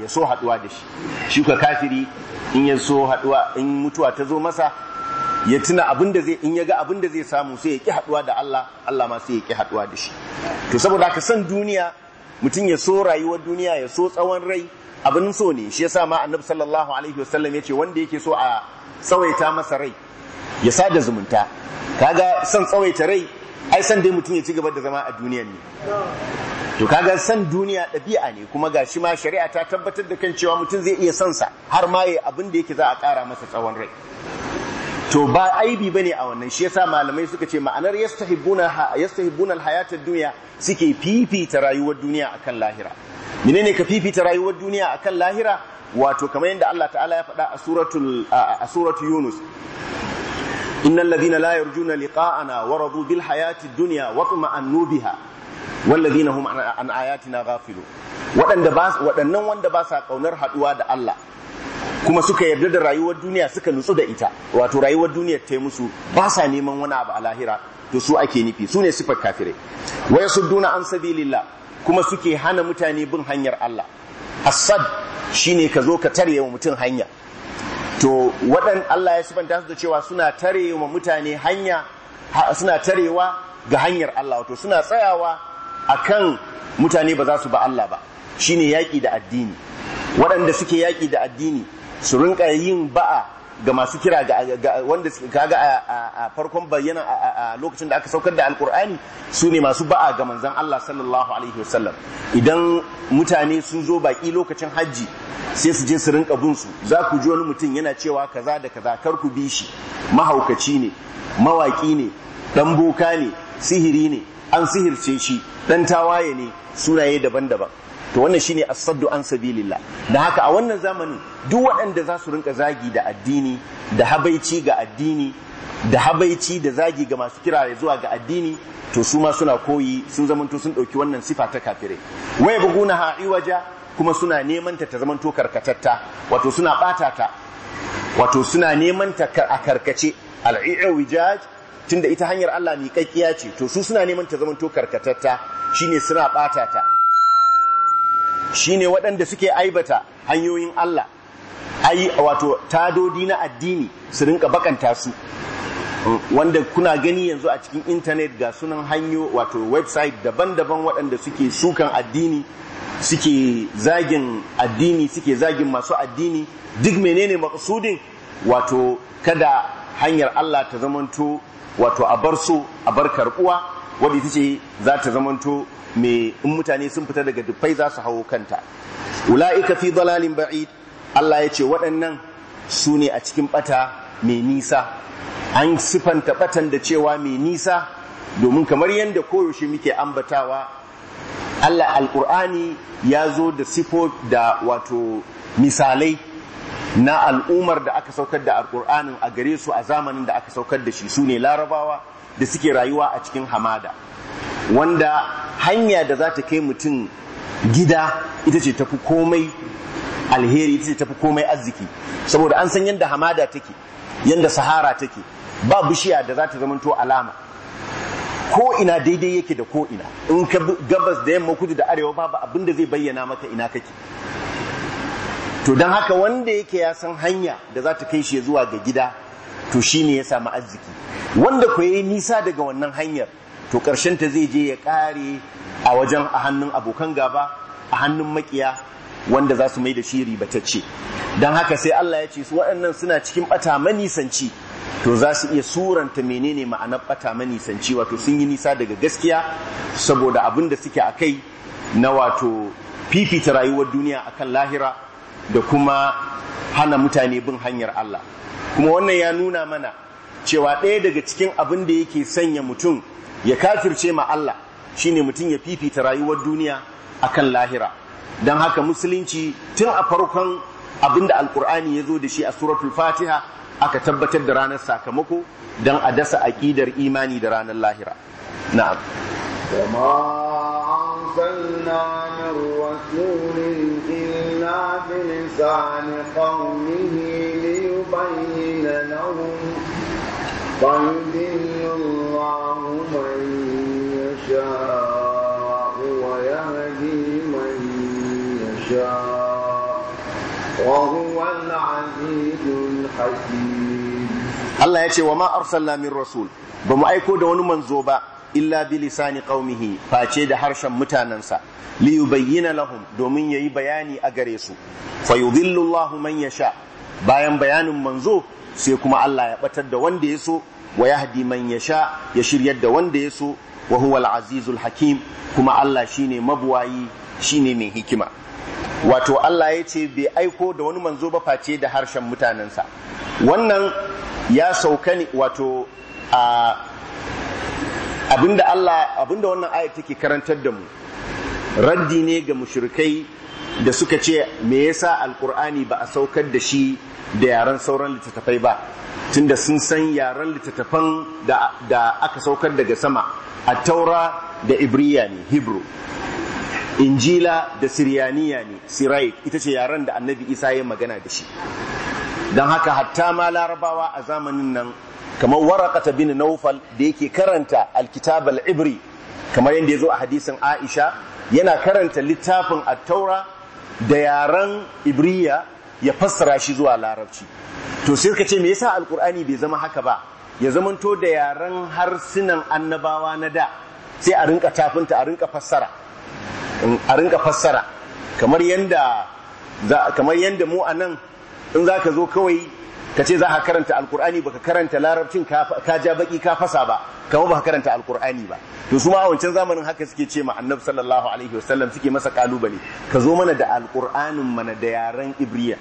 ya so haduwa da shi shi ka kafiri in ya so haduwa in mutuwa ta zo masa ya tuna abin da zai in ya ga abin da zai samu sai ya ki haduwa da Allah Allah ma sai ya ki haduwa da shi to saboda haka san duniya mutum ya so rayuwar duniya ya so tsawon rai abin so ne shi yasa ma annabi sallallahu alaihi wasallam ce wanda yake so a tsawaita masa rai ya sada zumunta kaga son tsawaita rai ai san dai mutum ya ci gaba da zama a duniyar ne to kaga san duniya ɗabi'a ne kuma ga shi ma shari'a ta tabbatar da kan cewa mutum zai iya son sa har ma yayi abin da yake za a ƙara masa tsawon rai to ba aibi bane a wannan shi yasa malamai suka ce ma'anar yastahibbuna yastahibbuna alhayatad dunya suke fifita rayuwar duniya akan lahira menene ka fifita rayuwar duniya akan lahira wato kamar yadda Allah ta'ala ya faɗa a suratul a suratul Yunus innal ladina la yarjuna liqa'ana waradu bil hayatid dunya wa tuma'annu biha wallazina hum an ayatina ghafilu wadanda ba waɗannan wanda ba sa kaunar haduwa da Allah kuma suka yarda da rayuwar duniya suka nutsu da ita wato rayuwar duniyar ta musu ba sa neman wani abu a lahira to su ake nufi su ne sifar kafirai wa yasudduna an sabilillah kuma suke hana mutane bin hanyar Allah hasad shine ka zo ka tare wa mutum hanya to wadan Allah ya sifanta su da cewa suna tare wa mutane hanya suna tarewa ga hanyar Allah wato suna tsayawa akan mutane ba za su ba Allah ba shine yaƙi da addini waɗanda suke yaƙi da addini su rinƙa yin ba'a ga masu kira ga wanda kaga a farkon bayyana a lokacin da aka saukar da alkur'ani su ne masu ba'a ga manzan Allah sallallahu alaihi wasallam idan mutane sun zo baki lokacin hajji sai su je su rinka bin su za ku ji wani mutum yana cewa kaza da kaza kar ku bi shi mahaukaci ne mawaki ne dan boka ne sihiri ne an sihirce shi dan tawaye ne sunaye daban-daban to wannan shine as-saddu an sabilillah da haka a wannan zamanin duk waɗanda za su rinka zagi da addini da habaici ga addini da habaici da zagi ga masu kira zuwa ga addini to su ma suna koyi sun zamanto sun ɗauki wannan sifa ta kafirai waya buguna Waja kuma suna neman ta ta zamanto karkatatta wato suna ɓata ta wato suna neman ta a karkace al'i'wijaj Tun da ita hanyar Allah miƙaƙƙiya ce to su suna neman ta zamanto karkatatta shine suna bata ta shine waɗanda suke aibata hanyoyin Allah ai wato tadodi na addini su rinka bakanta su wanda kuna gani yanzu a cikin intanet ga sunan hanyo wato website daban-daban waɗanda suke sukan addini suke zagin addini suke zagin masu addini duk menene maksudin wato kada hanyar Allah ta zamanto wato a bar so a bar karbuwa wadda ita ce za ta zamanto mai in mutane sun fita daga dubbai za su hawo kanta ula'ika fi dalalin ba'id Allah ya ce waɗannan su ne a cikin bata mai nisa an sifanta ɓatan da cewa mai nisa domin kamar yadda koyaushe muke ambatawa Allah alkur'ani ya zo da sifo da wato misalai na al'ummar da aka saukar da alƙur'anin a gare su a zamanin da aka saukar da shi su ne larabawa da suke rayuwa a cikin hamada wanda hanya da za ta kai mutum gida ita ce tafi komai alheri ita ce tafi komai arziki saboda an san yadda hamada take yadda sahara take ba bishiya da za ta zamanto alama ko ina daidai yake da ko ina in ka gabas da yamma kudu da arewa babu abin da zai bayyana maka ina kake to don haka wanda yake ya san hanya da za ta kai shi zuwa ga gida to shi ne ya samu arziki wanda ku yi nisa daga wannan hanyar to ƙarshen ta zai je ya ƙare a wajen a hannun abokan gaba a hannun makiya wanda za su mai da shi ribatacce don haka sai Allah ya ce su waɗannan suna cikin ɓata manisanci to za su iya suranta menene ma'anar ɓata manisanci wato sun yi nisa daga gaskiya saboda abin da suke a kai na wato fifita rayuwar duniya akan lahira da kuma hana mutane bin hanyar Allah kuma wannan ya nuna mana cewa ɗaya daga cikin abin da yake sanya mutum ya kafirce ma Allah shine mutum ya fifita rayuwar duniya a kan lahira don haka musulunci tun a farkon abin da alkur'ani ya zo da shi a suratul fatiha aka tabbatar da ranar sakamako don a dasa aƙidar imani da ranar lahira na'am عليها بلسان قومه ليبين لهم فيدل الله من يشاء ويهدي من يشاء وهو العزيز الحكيم الله يتي وما أرسلنا من رسول بما أيكو دون منزوبا illa bi lisani qaumihi face da harshen mutanansa li yubayyana lahum domin yayi bayani a gare su fa yudhillu Allahu man yasha bayan bayanin manzo sai kuma Allah ya batar da wanda yaso wa yahdi man yasha ya shiryar da wanda yaso wa huwa al-azizul hakim kuma Allah shine mabuwayi shine mai hikima wato Allah ya ce bai aiko da wani manzo ba face da harshen mutanensa wannan ya sauka ne wato a abinda Allah abinda wannan ayat take karantar da mu raddi ne ga mushrikai da suka ce me yasa alkur'ani ba a saukar da shi da yaran sauran littattafai ba tunda sun san yaran littattafan da aka saukar daga sama a taura da ibriya ne hebrew injila da siriyaniya ne sirai ita ce yaran da annabi isa ya magana da shi don haka hatta ma larabawa a zamanin nan kamar waraqata bin naufal da yake karanta alkitab al-ibri kamar yadda ya zo a hadisin aisha yana karanta littafin attaura da yaren ibriya ya fassara shi zuwa larabci to sai ka ce me yasa alkur'ani bai zama haka ba ya zamanto da yaren harsunan annabawa na da sai a rinka tafinta a rinka fassara a rinka fassara kamar yadda kamar yanda mu anan in zaka zo kawai ka ce za ka karanta alkur'ani baka karanta larabcin ka ja baki ka fasa ba kama baka karanta alkur'ani ba to su ma a wancan zamanin haka suke ce ma annabi sallallahu alaihi wasallam suke masa kalubale ka zo mana da alkur'anin mana da yaren ibriya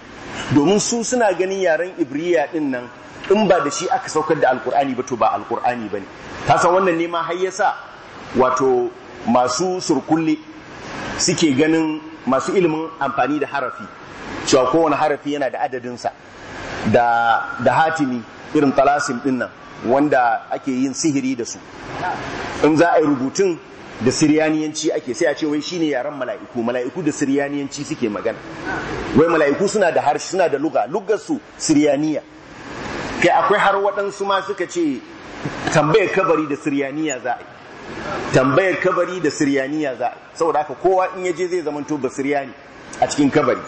domin su suna ganin yaren ibriya din nan in ba da shi aka saukar da alkur'ani ba to ba alkur'ani bane ka san wannan ne ma har yasa wato masu surkulle suke ganin masu ilimin amfani da harafi cewa kowane harafi yana da adadinsa da da hatimi irin talasim din nan wanda ake yin sihiri da su in za a yi rubutun da siriyaniyanci ake sai a ce wai shine yaren mala'iku mala'iku da siriyaniyanci suke magana wai mala'iku suna da harshe suna da luga lugar siriyaniya kai akwai har waɗansu ma suka ce tambayar kabari da siriyaniya za a yi tambayar kabari da siriyaniya za a yi saboda haka kowa in ya je zai zamanto siriyani. a cikin kabari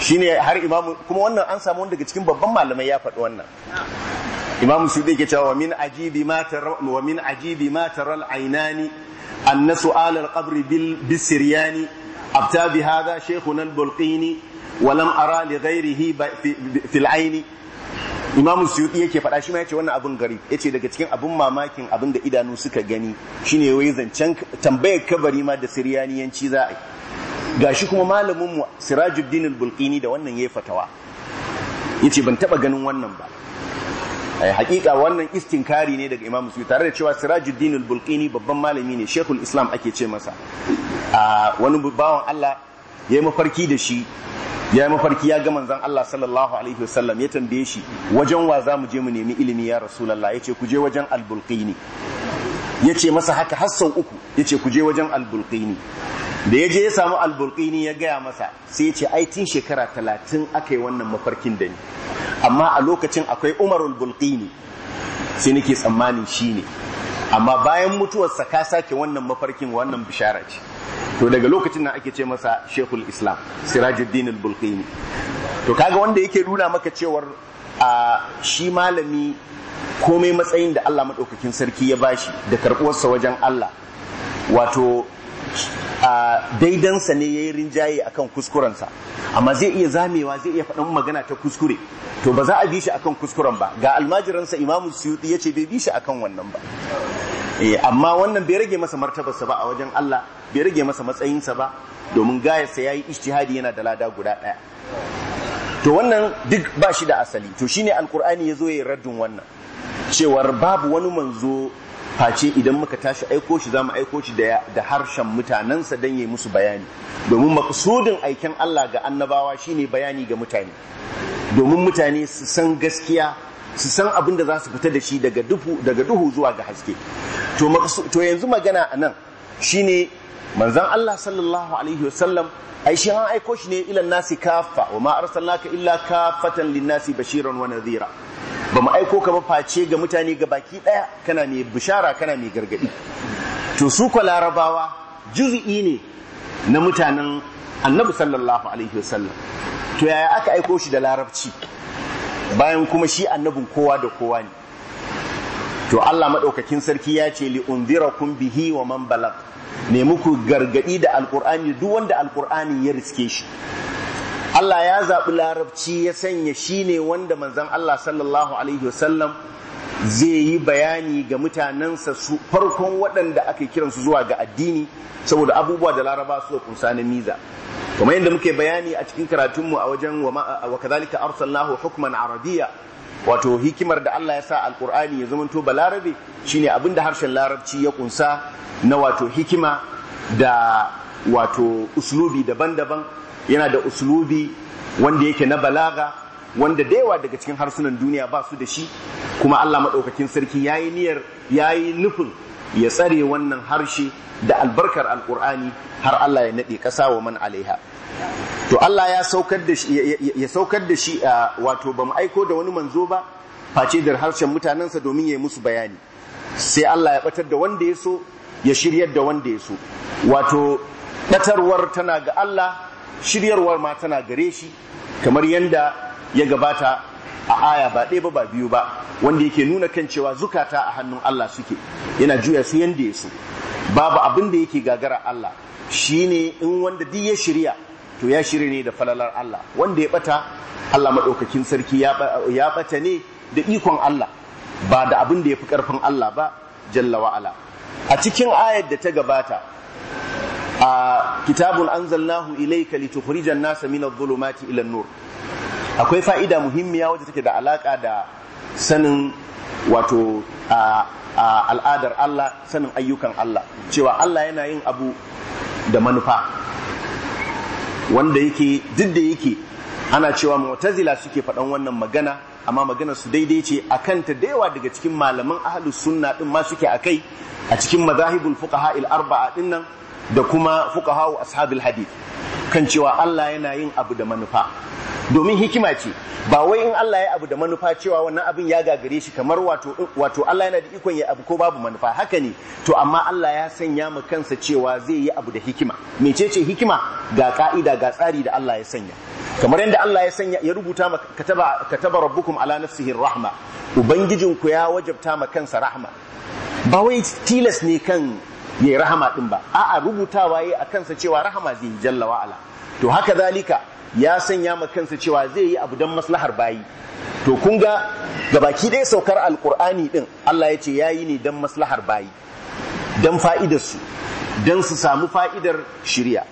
shine har imamu kuma wannan an samu wanda daga cikin babban malamai ya faɗi wannan imam sudi ke cewa min ajibi ma wa min ajibi ma tara al-ainani an su'al al-qabr bil bisiryani abta bi hadha shaykhuna al-bulqini wa lam ara li ghayrihi fi al-aini imam suyuti yake faɗa shi ma yace wannan abun gari yace daga cikin abun mamakin abin da idanu suka gani shine wai zancen tambayar kabari ma da siriyaniyanci za a yi gashi kuma malamin mu Sirajuddin al-Bulqini da wannan yayi fatawa yace ban taba ganin wannan ba ai hakika wannan istinkari ne daga Imam su tare da cewa Sirajuddin al-Bulqini babban malami ne shekul Islam ake ce masa a wani bawan Allah yayi mafarki da shi ya mafarki ya ga manzon Allah sallallahu alaihi wasallam ya tambaye shi wajen wa za mu je mu nemi ilimi ya rasulallah ya ce ku je wajen al ya ce masa haka har sau uku ya ce ku je wajen al-bulqini da ya je ya samu alburkini ya gaya masa sai ya ce ai tun shekara talatin aka yi wannan mafarkin da ni amma a lokacin akwai umarul bulkini sai nake tsammanin shi ne amma bayan mutuwarsa ka sake wannan mafarkin wannan bishara ce to daga lokacin nan ake ce masa shekul islam sirajuddin bulkini to kaga wanda yake nuna maka cewar a shi malami komai matsayin da Allah madaukakin sarki ya bashi da karbuwarsa wajen Allah wato daidansa ne ya yi rinjaye a kan kuskurensa amma zai iya zamewa zai iya faɗan magana ta kuskure to ba za a bi shi a kan kuskuren ba ga almajiransa imamu suyuti ya ce bai bi shi a kan wannan ba eh, amma wannan bai rage masa martabarsa ba a wajen Allah bai rage masa matsayinsa ba domin gayarsa ya yi ishtihadi yana da lada guda ɗaya to wannan duk ba shi da asali to shine alkur'ani ya zo ya yi raddin wannan cewar babu wani manzo face idan muka tashi aiko shi za mu aiko shi da harshen mutanensa don yi musu bayani domin maksudin aiken Allah ga annabawa shine bayani ga mutane domin mutane su san gaskiya su san abin da za su fita da shi daga duhu zuwa ga haske to yanzu magana a nan shine manzan Allah sallallahu alaihi wasallam ai shi an aiko shi ne ilan nasi kafa wa ma arsalnaka illa kafatan lin nasi bashiran wa nadhira ba mu aiko ka ba face ga mutane ga baki ɗaya kana mai bishara kana mai gargaɗi to su kwa larabawa juzu'i ne na mutanen annabi sallallahu alaihi wasallam to yaya aka aiko shi da larabci bayan kuma shi annabin kowa da kowa ne to Allah maɗaukakin sarki ya ce li kun bihi wa man balag ne muku gargadi da alqur'ani duk wanda alqur'ani ya riske shi Allah ya zaɓi larabci ya sanya shi ne wanda manzan Allah sallallahu alaihi wasallam zai yi bayani ga mutanensa su farkon waɗanda aka kiransu zuwa ga addini saboda abubuwa da laraba su da kusa na niza. kuma yadda muke bayani a cikin karatunmu a wajen wa kadhalika arsalnahu hukman arabiya wato hikimar da Allah ya sa alkur'ani ya zamanto balarabe shine abinda harshen larabci ya kunsa na wato hikima da wato uslubi daban-daban yana da uslubi wanda yake na balaga wanda da yawa daga cikin harsunan duniya ba su da shi kuma Allah maɗaukakin sarki ya yi niyyar ya yi nufin ya tsare wannan harshe da albarkar alkur'ani har Allah ya naɗe ƙasa wa man alaiha to Allah ya saukar da shi ya saukar wato ba mu aiko da wani manzo ba face da harshen mutanensa domin ya yi musu bayani sai Allah ya batar da wanda ya so ya shiryar da wanda ya so wato batarwar tana ga Allah shiryarwar ma tana gare shi kamar yadda ya gabata a aya ba ɗaya ba biyu ba wanda yake nuna kan cewa zukata a hannun Allah suke yana juya su yadda ya so babu abin da yake gagara Allah shi ne in wanda duk ya shirya to ya shirya ne da falalar Allah wanda ya bata Allah maɗaukakin sarki ya bata ne da ikon Allah ba da abin da ya fi ƙarfin Allah ba jalla wa'ala a cikin ayar da ta gabata a kitabun anzalnahu ilayka litukhrijan nasa min adh ila nur akwai fa'ida muhimmiya wacce take da alaka da sanin wato al'adar Allah sanin ayyukan Allah cewa Allah yana yin abu da manufa wanda yake duk da yake ana cewa mu'tazila suke faɗan wannan magana amma maganar su daidai ce akan ta da daga cikin malaman ahlus sunna din ma suke akai a cikin mazahibul fuqaha al arba'a din nan da kuma fuka fuqahau ashabul hadith kan cewa Allah yana yin abu da manufa domin hikima ce ba wai in Allah ya abu da manufa cewa wannan abin ya gagare shi kamar wato Allah yana da ikon ya abu ko babu manufa haka ne to amma Allah ya sanya mu kansa cewa zai yi abu da hikima mecece hikima ga ka'ida ga tsari da Allah ya sanya kamar yadda Allah ya sanya ya rubuta ma kataba kataba rabbukum ala nafsihi rahma ubangijinku ya wajabta ma kansa rahma ba wai tilas ne kan ya rahama din ba a'a rubutawa yi a kansa cewa rahama zai yi jalla wa'ala to haka zalika ya sanya ma kansa cewa zai yi abu don maslahar bayi to kun ga gabaki ɗaya saukar alkur'ani din Allah ya ce ya yi ne don maslahar bayi don fa'idarsu don su samu fa'idar shirya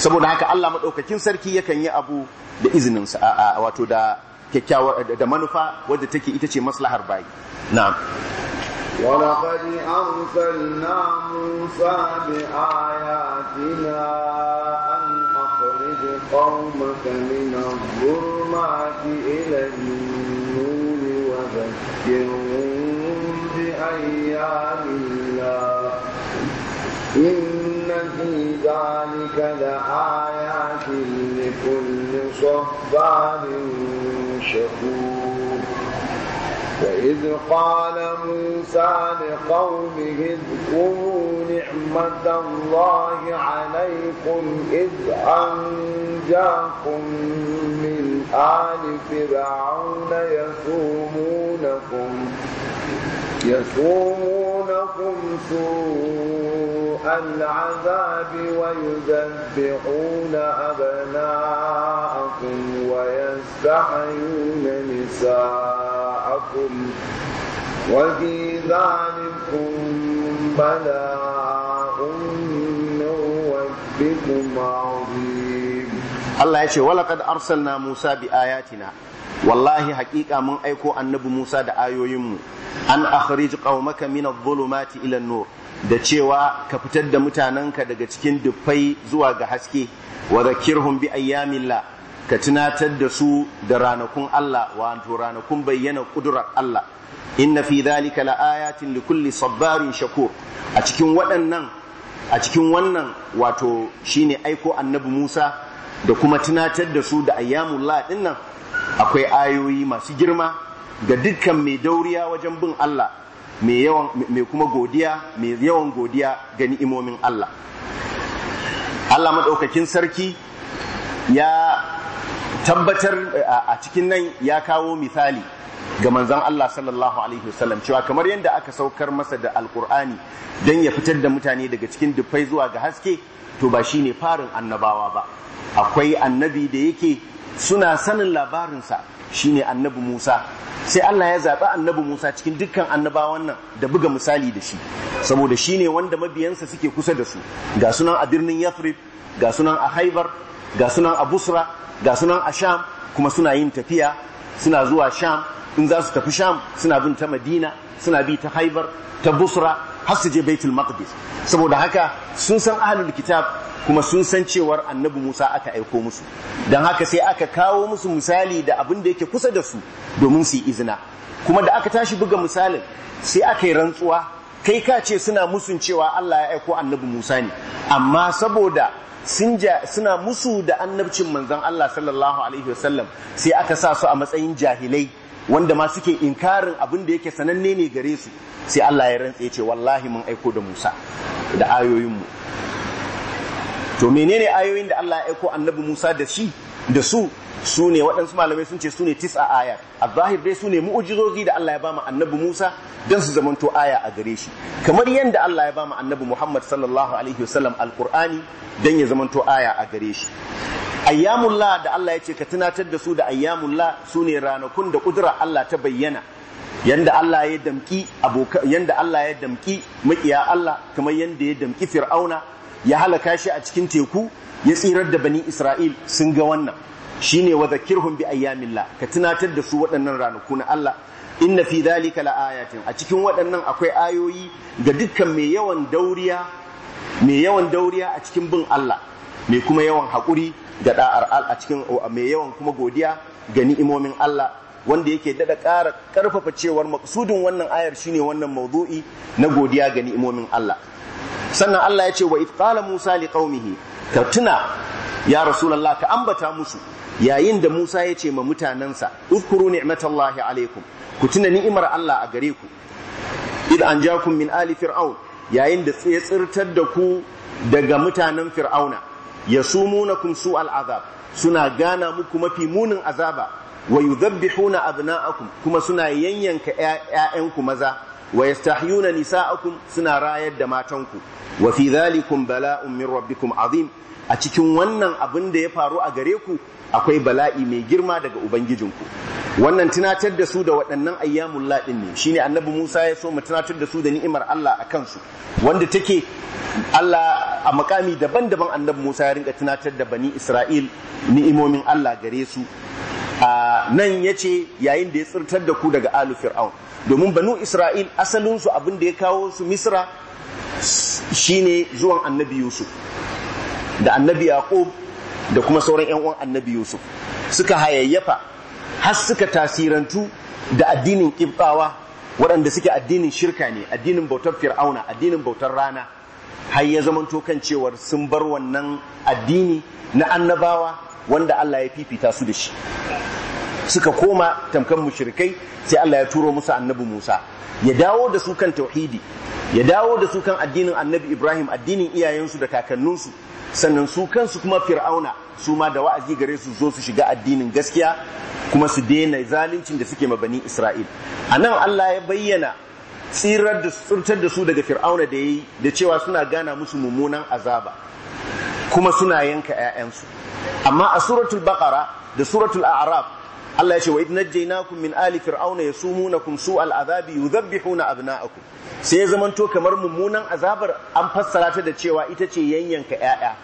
saboda haka Allah maɗaukakin sarki yakan yi abu da izininsa wato da kyakkyawar da manufa wadda take ita ce maslahar bayi na'am ولقد أرسلنا موسى بآياتنا أن أخرج قومك من الظلمات إلى النور وذكرهم بأيام الله إن في ذلك لآيات لكل صبار شكور وإذ قال موسى لقومه اذكروا نعمة الله عليكم إذ أنجاكم من آل فرعون يسومونكم يسومونكم سوء العذاب ويذبحون أبناءكم ويستحيون نساءكم وفي ذلكم بلاء من ربكم عظيم الله يقول ولقد أرسلنا موسى بآياتنا wallahi haƙiƙa mun aiko annabi Musa da ayoyinmu an akhrij qaumaka min adh-dhulumati ila nur da cewa ka fitar da mutanenka daga cikin dufai zuwa ga haske wa zakirhum bi ayyamillah ka tunatar da su da ranakun Allah an ranakun bayyana kudurar Allah inna fi dhalika laayatin likulli sabbarin shakur a cikin waɗannan a cikin wannan wato shine aiko annabi Musa da kuma tunatar da su da ayyamullah dinnan akwai ayoyi masu girma ga dukkan mai dauriya wajen bin Allah mai kuma godiya mai yawan godiya ga ni'imomin Allah Allah maɗaukakin sarki ya tabbatar a cikin nan ya kawo misali ga manzan Allah sallallahu alaihi wasallam cewa kamar yadda aka saukar masa da alkur'ani don ya fitar da mutane daga cikin dufai zuwa ga haske to ba shine farin annabawa ba akwai annabi da yake suna sanin labarinsa shine annabi Musa sai Allah ya zaɓi annabi Musa cikin dukkan annabawan nan da buga misali da shi saboda shine wanda mabiyansa suke kusa da su ga sunan a birnin Yathrib ga sunan a Haibar ga sunan a Busra ga sunan a Sham kuma suna yin tafiya suna zuwa Sham in za su tafi Sham suna bin ta Madina suna bi ta haibar ta busra har su je baitul maqdis saboda haka sun san ahlul kitab kuma sun san cewar annabi musa aka aiko musu don haka sai aka kawo musu misali da abin da yake kusa da su domin su yi izina kuma da aka tashi buga misalin sai aka yi rantsuwa kai ka ce suna musun cewa allah ya aiko annabi musa ne amma saboda suna musu da annabcin manzon allah sallallahu alaihi wasallam sai aka sa su a matsayin jahilai wanda ma suke inkarin abin da yake sananne ne gare su sai Allah ya rantse ce wallahi mun aiko da Musa da ayoyin mu to menene ayoyin da Allah ya aiko annabi Musa da shi da su su ne waɗansu malamai sun ce su ne a ayar a zahir dai su ne mu'ujizozi da Allah ya ba annabi Musa don su zamanto aya a gare shi kamar yadda Allah ya ba annabi Muhammad sallallahu alaihi wasallam alqur'ani don ya zamanto aya a gare shi ayyamullah da Allah ya ce ka tunatar da su da ayyamullah su ne ranakun da kudura Allah ta bayyana yanda Allah ya damki aboka yanda Allah ya damki kamar yanda ya damki Fir'auna ya halaka shi a cikin teku ya tsirar da bani Isra'il sun ga wannan shine wa zakirhum bi ayyamilla ka tunatar da su waɗannan ranaku na Allah inna fi dhalika ayatin a cikin waɗannan akwai ayoyi ga dukkan mai yawan dauriya mai yawan dauriya a cikin bin Allah mai kuma yawan haƙuri ga da'ar a cikin mai yawan kuma godiya ga ni'imomin Allah wanda yake dada ƙara ƙarfafa cewar maksudin wannan ayar shine wannan mawdu'i na godiya ga ni'imomin Allah sannan Allah ya ce wa idh Musa liqaumihi ka tuna ya rasulallah ka ambata musu yayin da Musa ya ce ma mutanansa uzkuru ni'matallahi alaikum ku tuna ni'imar Allah a gare ku id anjakum min ali fir'aun yayin da ya tsirtar da ku daga mutanen fir'auna ya yasumunakum su azab suna gana muku mafi munin azaba wa yudhabbihuna abna'akum kuma suna yanyanka ƴaƴanku maza wa yastahyuna nisa'akum suna rayar da matanku wa fi dhalikum bala'un min rabbikum azim a cikin wannan abin da ya faru a gare ku akwai bala'i mai girma daga ubangijinku wannan tunatar da su da waɗannan ayyamun laɗin ne shine annabi Musa ya so mu tunatar da su da ni'imar Allah a kansu wanda take Allah a makami daban-daban annabi Musa ya rinka tunatar da bani Isra'il ni'imomin Allah gare su a nan yace yayin da ya tsirtar da ku daga alu fir'aun domin banu isra'il asalinsu abin da ya kawo su misra shine zuwan annabi yusuf da annabi yaqub da kuma sauran yan annabi yusuf suka hayayyafa har suka tasirantu da addinin kibtawa waɗanda suke addinin shirka ne addinin bautar fir'auna addinin bautar rana har ya zamanto kan cewar sun bar wannan addini na annabawa wanda Allah ya fifita su da shi suka koma tamkan mushrikai sai Allah ya turo musu annabi Musa ya dawo da su kan tauhidi ya dawo da su kan addinin annabi Ibrahim addinin iyayensu da kakanninsu sannan su kansu kuma fir'auna su ma da wa'azi gare su zo su shiga addinin gaskiya kuma su daina zaluncin da suke mabani Isra'il anan Allah ya bayyana tsirar da tsirtar da su daga fir'auna da yayi da cewa suna gana musu mummunan azaba kuma suna yanka 'ya'yansu amma a suratul baqara da suratul a'raf Allah ya ce wa idh najjaynakum min ali fir'auna yasumunakum su'al azabi yudhabbihuna abna'akum sai ya zamanto kamar mummunan azabar an fassara ta da cewa ita ce yanyanka yaya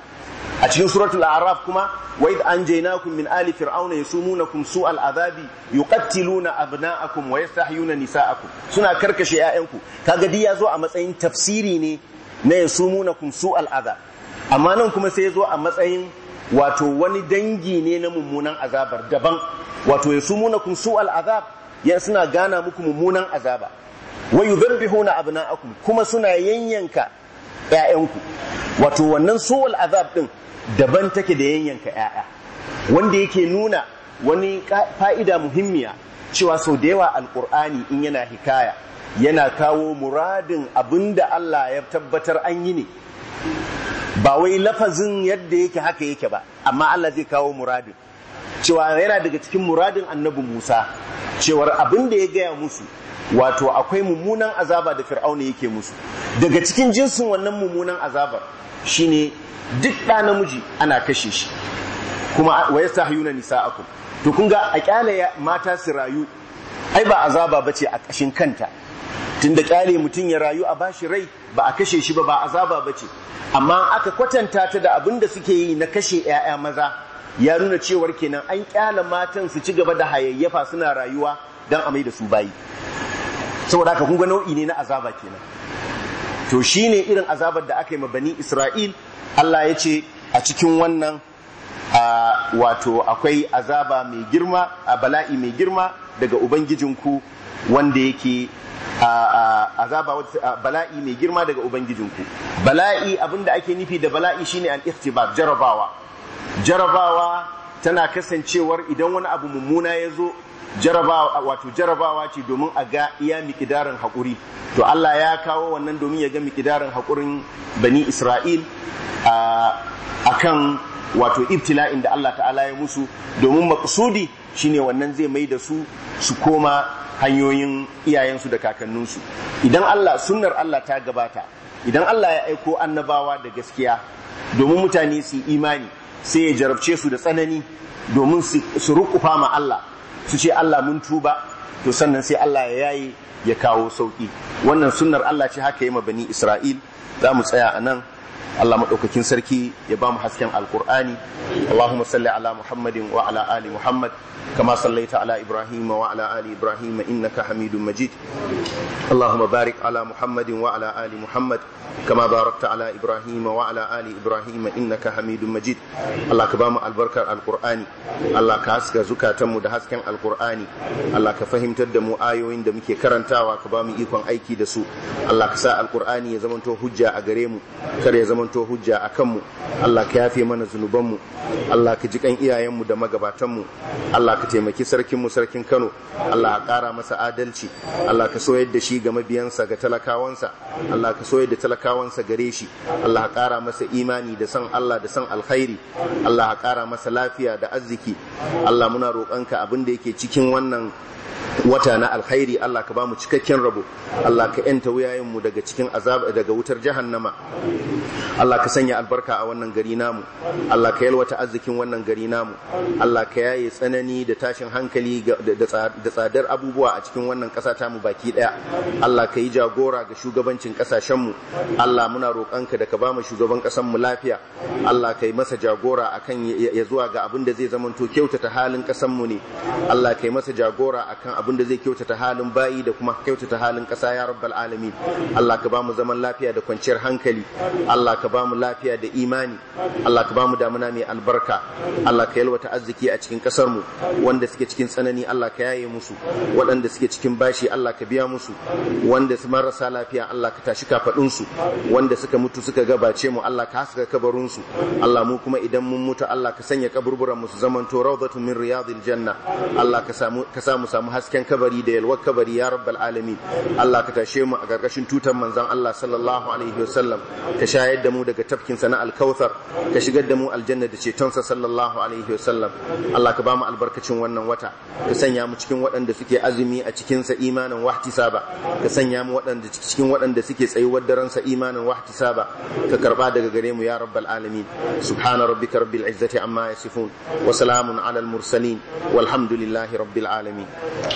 a cikin suratul a'raf kuma wa idh anjaynakum min ali fir'auna yasumunakum su'al azabi yuqattiluna abna'akum wa yastahyuna nisa'akum suna karkashe yayanku kaga dai ya zo a matsayin tafsiri ne na yasumunakum su'al azab amma nan kuma sai ya zo a matsayin wato wani dangi ne na mummunan azabar daban wato ya kun su al'azab ya suna gana muku mummunan azaba wa na abna'akum kuma suna yanyanka ƴaƴanku wato wannan su al'azab din daban take da yanyanka yaya wanda yake nuna wani fa'ida muhimmiya cewa sau da yawa alkur'ani in yana hikaya yana kawo muradin abinda Allah ya tabbatar an yi ne ba wai lafazin yadda yake haka yake ba amma Allah zai kawo muradin cewa yana daga cikin muradin annabi Musa cewar abin da ya gaya musu wato akwai mummunan azaba da fir'auna yake musu daga cikin jinsin wannan mummunan azabar shine duk ɗa namiji ana kashe shi kuma wa nisa nisa'akum to kun ga a kyale mata su rayu ai ba azaba bace a kashin kanta tunda kyale mutum ya rayu a bashi rai ba a kashe shi ba ba azaba ba ce amma aka kwatanta ta da abin da suke yi na kashe 'ya'ya maza ya nuna cewar kenan an kyala matan su ci gaba da hayayyafa suna rayuwa don a mai da su bayi saboda haka kunga nau'i ne na azaba kenan to shi ne irin azabar da aka yi ma bani Isra'il Allah ya ce a cikin wannan wato akwai azaba mai girma a bala'i mai girma daga ubangijinku wanda yake azaba bala'i mai girma daga ubangijinku bala'i abinda ake nufi da bala'i shine al-ikhtibar jarabawa jarabawa tana kasancewar idan wani abu mummuna ya zo wato jarabawa ce domin a ga iya mikidarin haƙuri to Allah ya kawo wannan domin ya ga mikidarin haƙurin bani Isra'il a kan wato ibtila'in da Allah ta'ala ya musu domin maƙsudi shine wannan zai mai da su su koma hanyoyin iyayensu da kakanninsu idan Allah sunnar Allah ta gabata idan Allah ya aiko annabawa da gaskiya domin mutane su imani sai ya jarabce su da tsanani domin su rukufa ma Allah su ce Allah mun tuba to sannan sai Allah ya yayi ya kawo sauki wannan sunnar Allah ce haka yi ma bani Isra'il za mu tsaya a nan Allah maɗaukakin sarki ya ba mu hasken alqur'ani Allahumma salli ala Muhammadin wa ala ali Muhammad kama sallaita ala Ibrahim wa ala ali Ibrahim innaka Hamidum Majid Allahumma barik ala Muhammadin wa ala ali Muhammad kama barakta ala Ibrahim wa ala ali Ibrahim innaka Hamidum Majid Allah ka ba mu albarkar alqur'ani Allah ka haska zukatanmu da hasken alqur'ani Allah ka fahimtar da mu ayoyin da muke karantawa ka ba mu ikon aiki da su Allah ka sa alqur'ani ya zamanto hujja a gare mu kar ya zamanto zamanto hujja a kanmu Allah ka yafe mana zunubanmu Allah ka ji kan iyayenmu da magabatanmu Allah ka taimaki sarkinmu sarkin Kano Allah ka ƙara masa adalci Allah ka soyar da shi ga mabiyansa ga talakawansa Allah ka soyar da talakawansa gare shi Allah ka ƙara masa imani da san Allah da san alkhairi Allah ka ƙara masa lafiya da arziki Allah muna roƙonka abin da yake cikin wannan wata na alkhairi Allah ka ba mu cikakken rabo Allah ka yanta wuyayenmu daga cikin azab daga wutar jahannama Allah ka sanya albarka a wannan gari namu Allah ka yalwata arzikin wannan gari namu Allah ka yaye tsanani da tashin hankali da tsadar abubuwa a cikin wannan ƙasa ta baki ɗaya. Allah ka yi jagora ga shugabancin ƙasashen mu Allah muna roƙonka da ka ba mu shugaban ƙasar mu lafiya Allah ka yi masa jagora akan ya zuwa ga abin da zai zamanto kyautata halin ƙasar mu ne Allah ka yi masa jagora akan abin da zai kyautata halin bayi da kuma kyautata halin ƙasa ya rabbal alamin Allah ka bamu zaman lafiya da kwanciyar hankali Allah ka bamu lafiya da imani Allah ka bamu damuna mai albarka Allah ka yalwata arziki a cikin ƙasar mu wanda suke cikin tsanani Allah ka yaye musu waɗanda suke cikin bashi Allah ka biya musu wanda su marasa lafiya Allah ka tashi kafaɗin su wanda suka mutu suka gabace mu Allah ka haska kabarin su Allah mu kuma idan mun mutu Allah ka sanya kaburburan mu su zamanto rawdatun min riyadil janna Allah ka samu ka samu samu haske hasken kabari da yalwar kabari ya rabbal alamin Allah ka tashe mu a ƙarƙashin tutar Manzan, Allah sallallahu alaihi wasallam ka shayar da mu daga tafkin sana alkautsar ka shigar da mu aljanna da cetonsa sallallahu alaihi wasallam Allah ka ba mu albarkacin wannan wata ka sanya mu cikin waɗanda suke azumi a cikin sa imanin saba ka sanya mu waɗanda cikin waɗanda suke tsayuwar daren sa imanin saba ka karba daga gare mu ya rabbal alamin subhana rabbika rabbil izzati amma yasifun wa salamun alal mursalin والحمد لله رب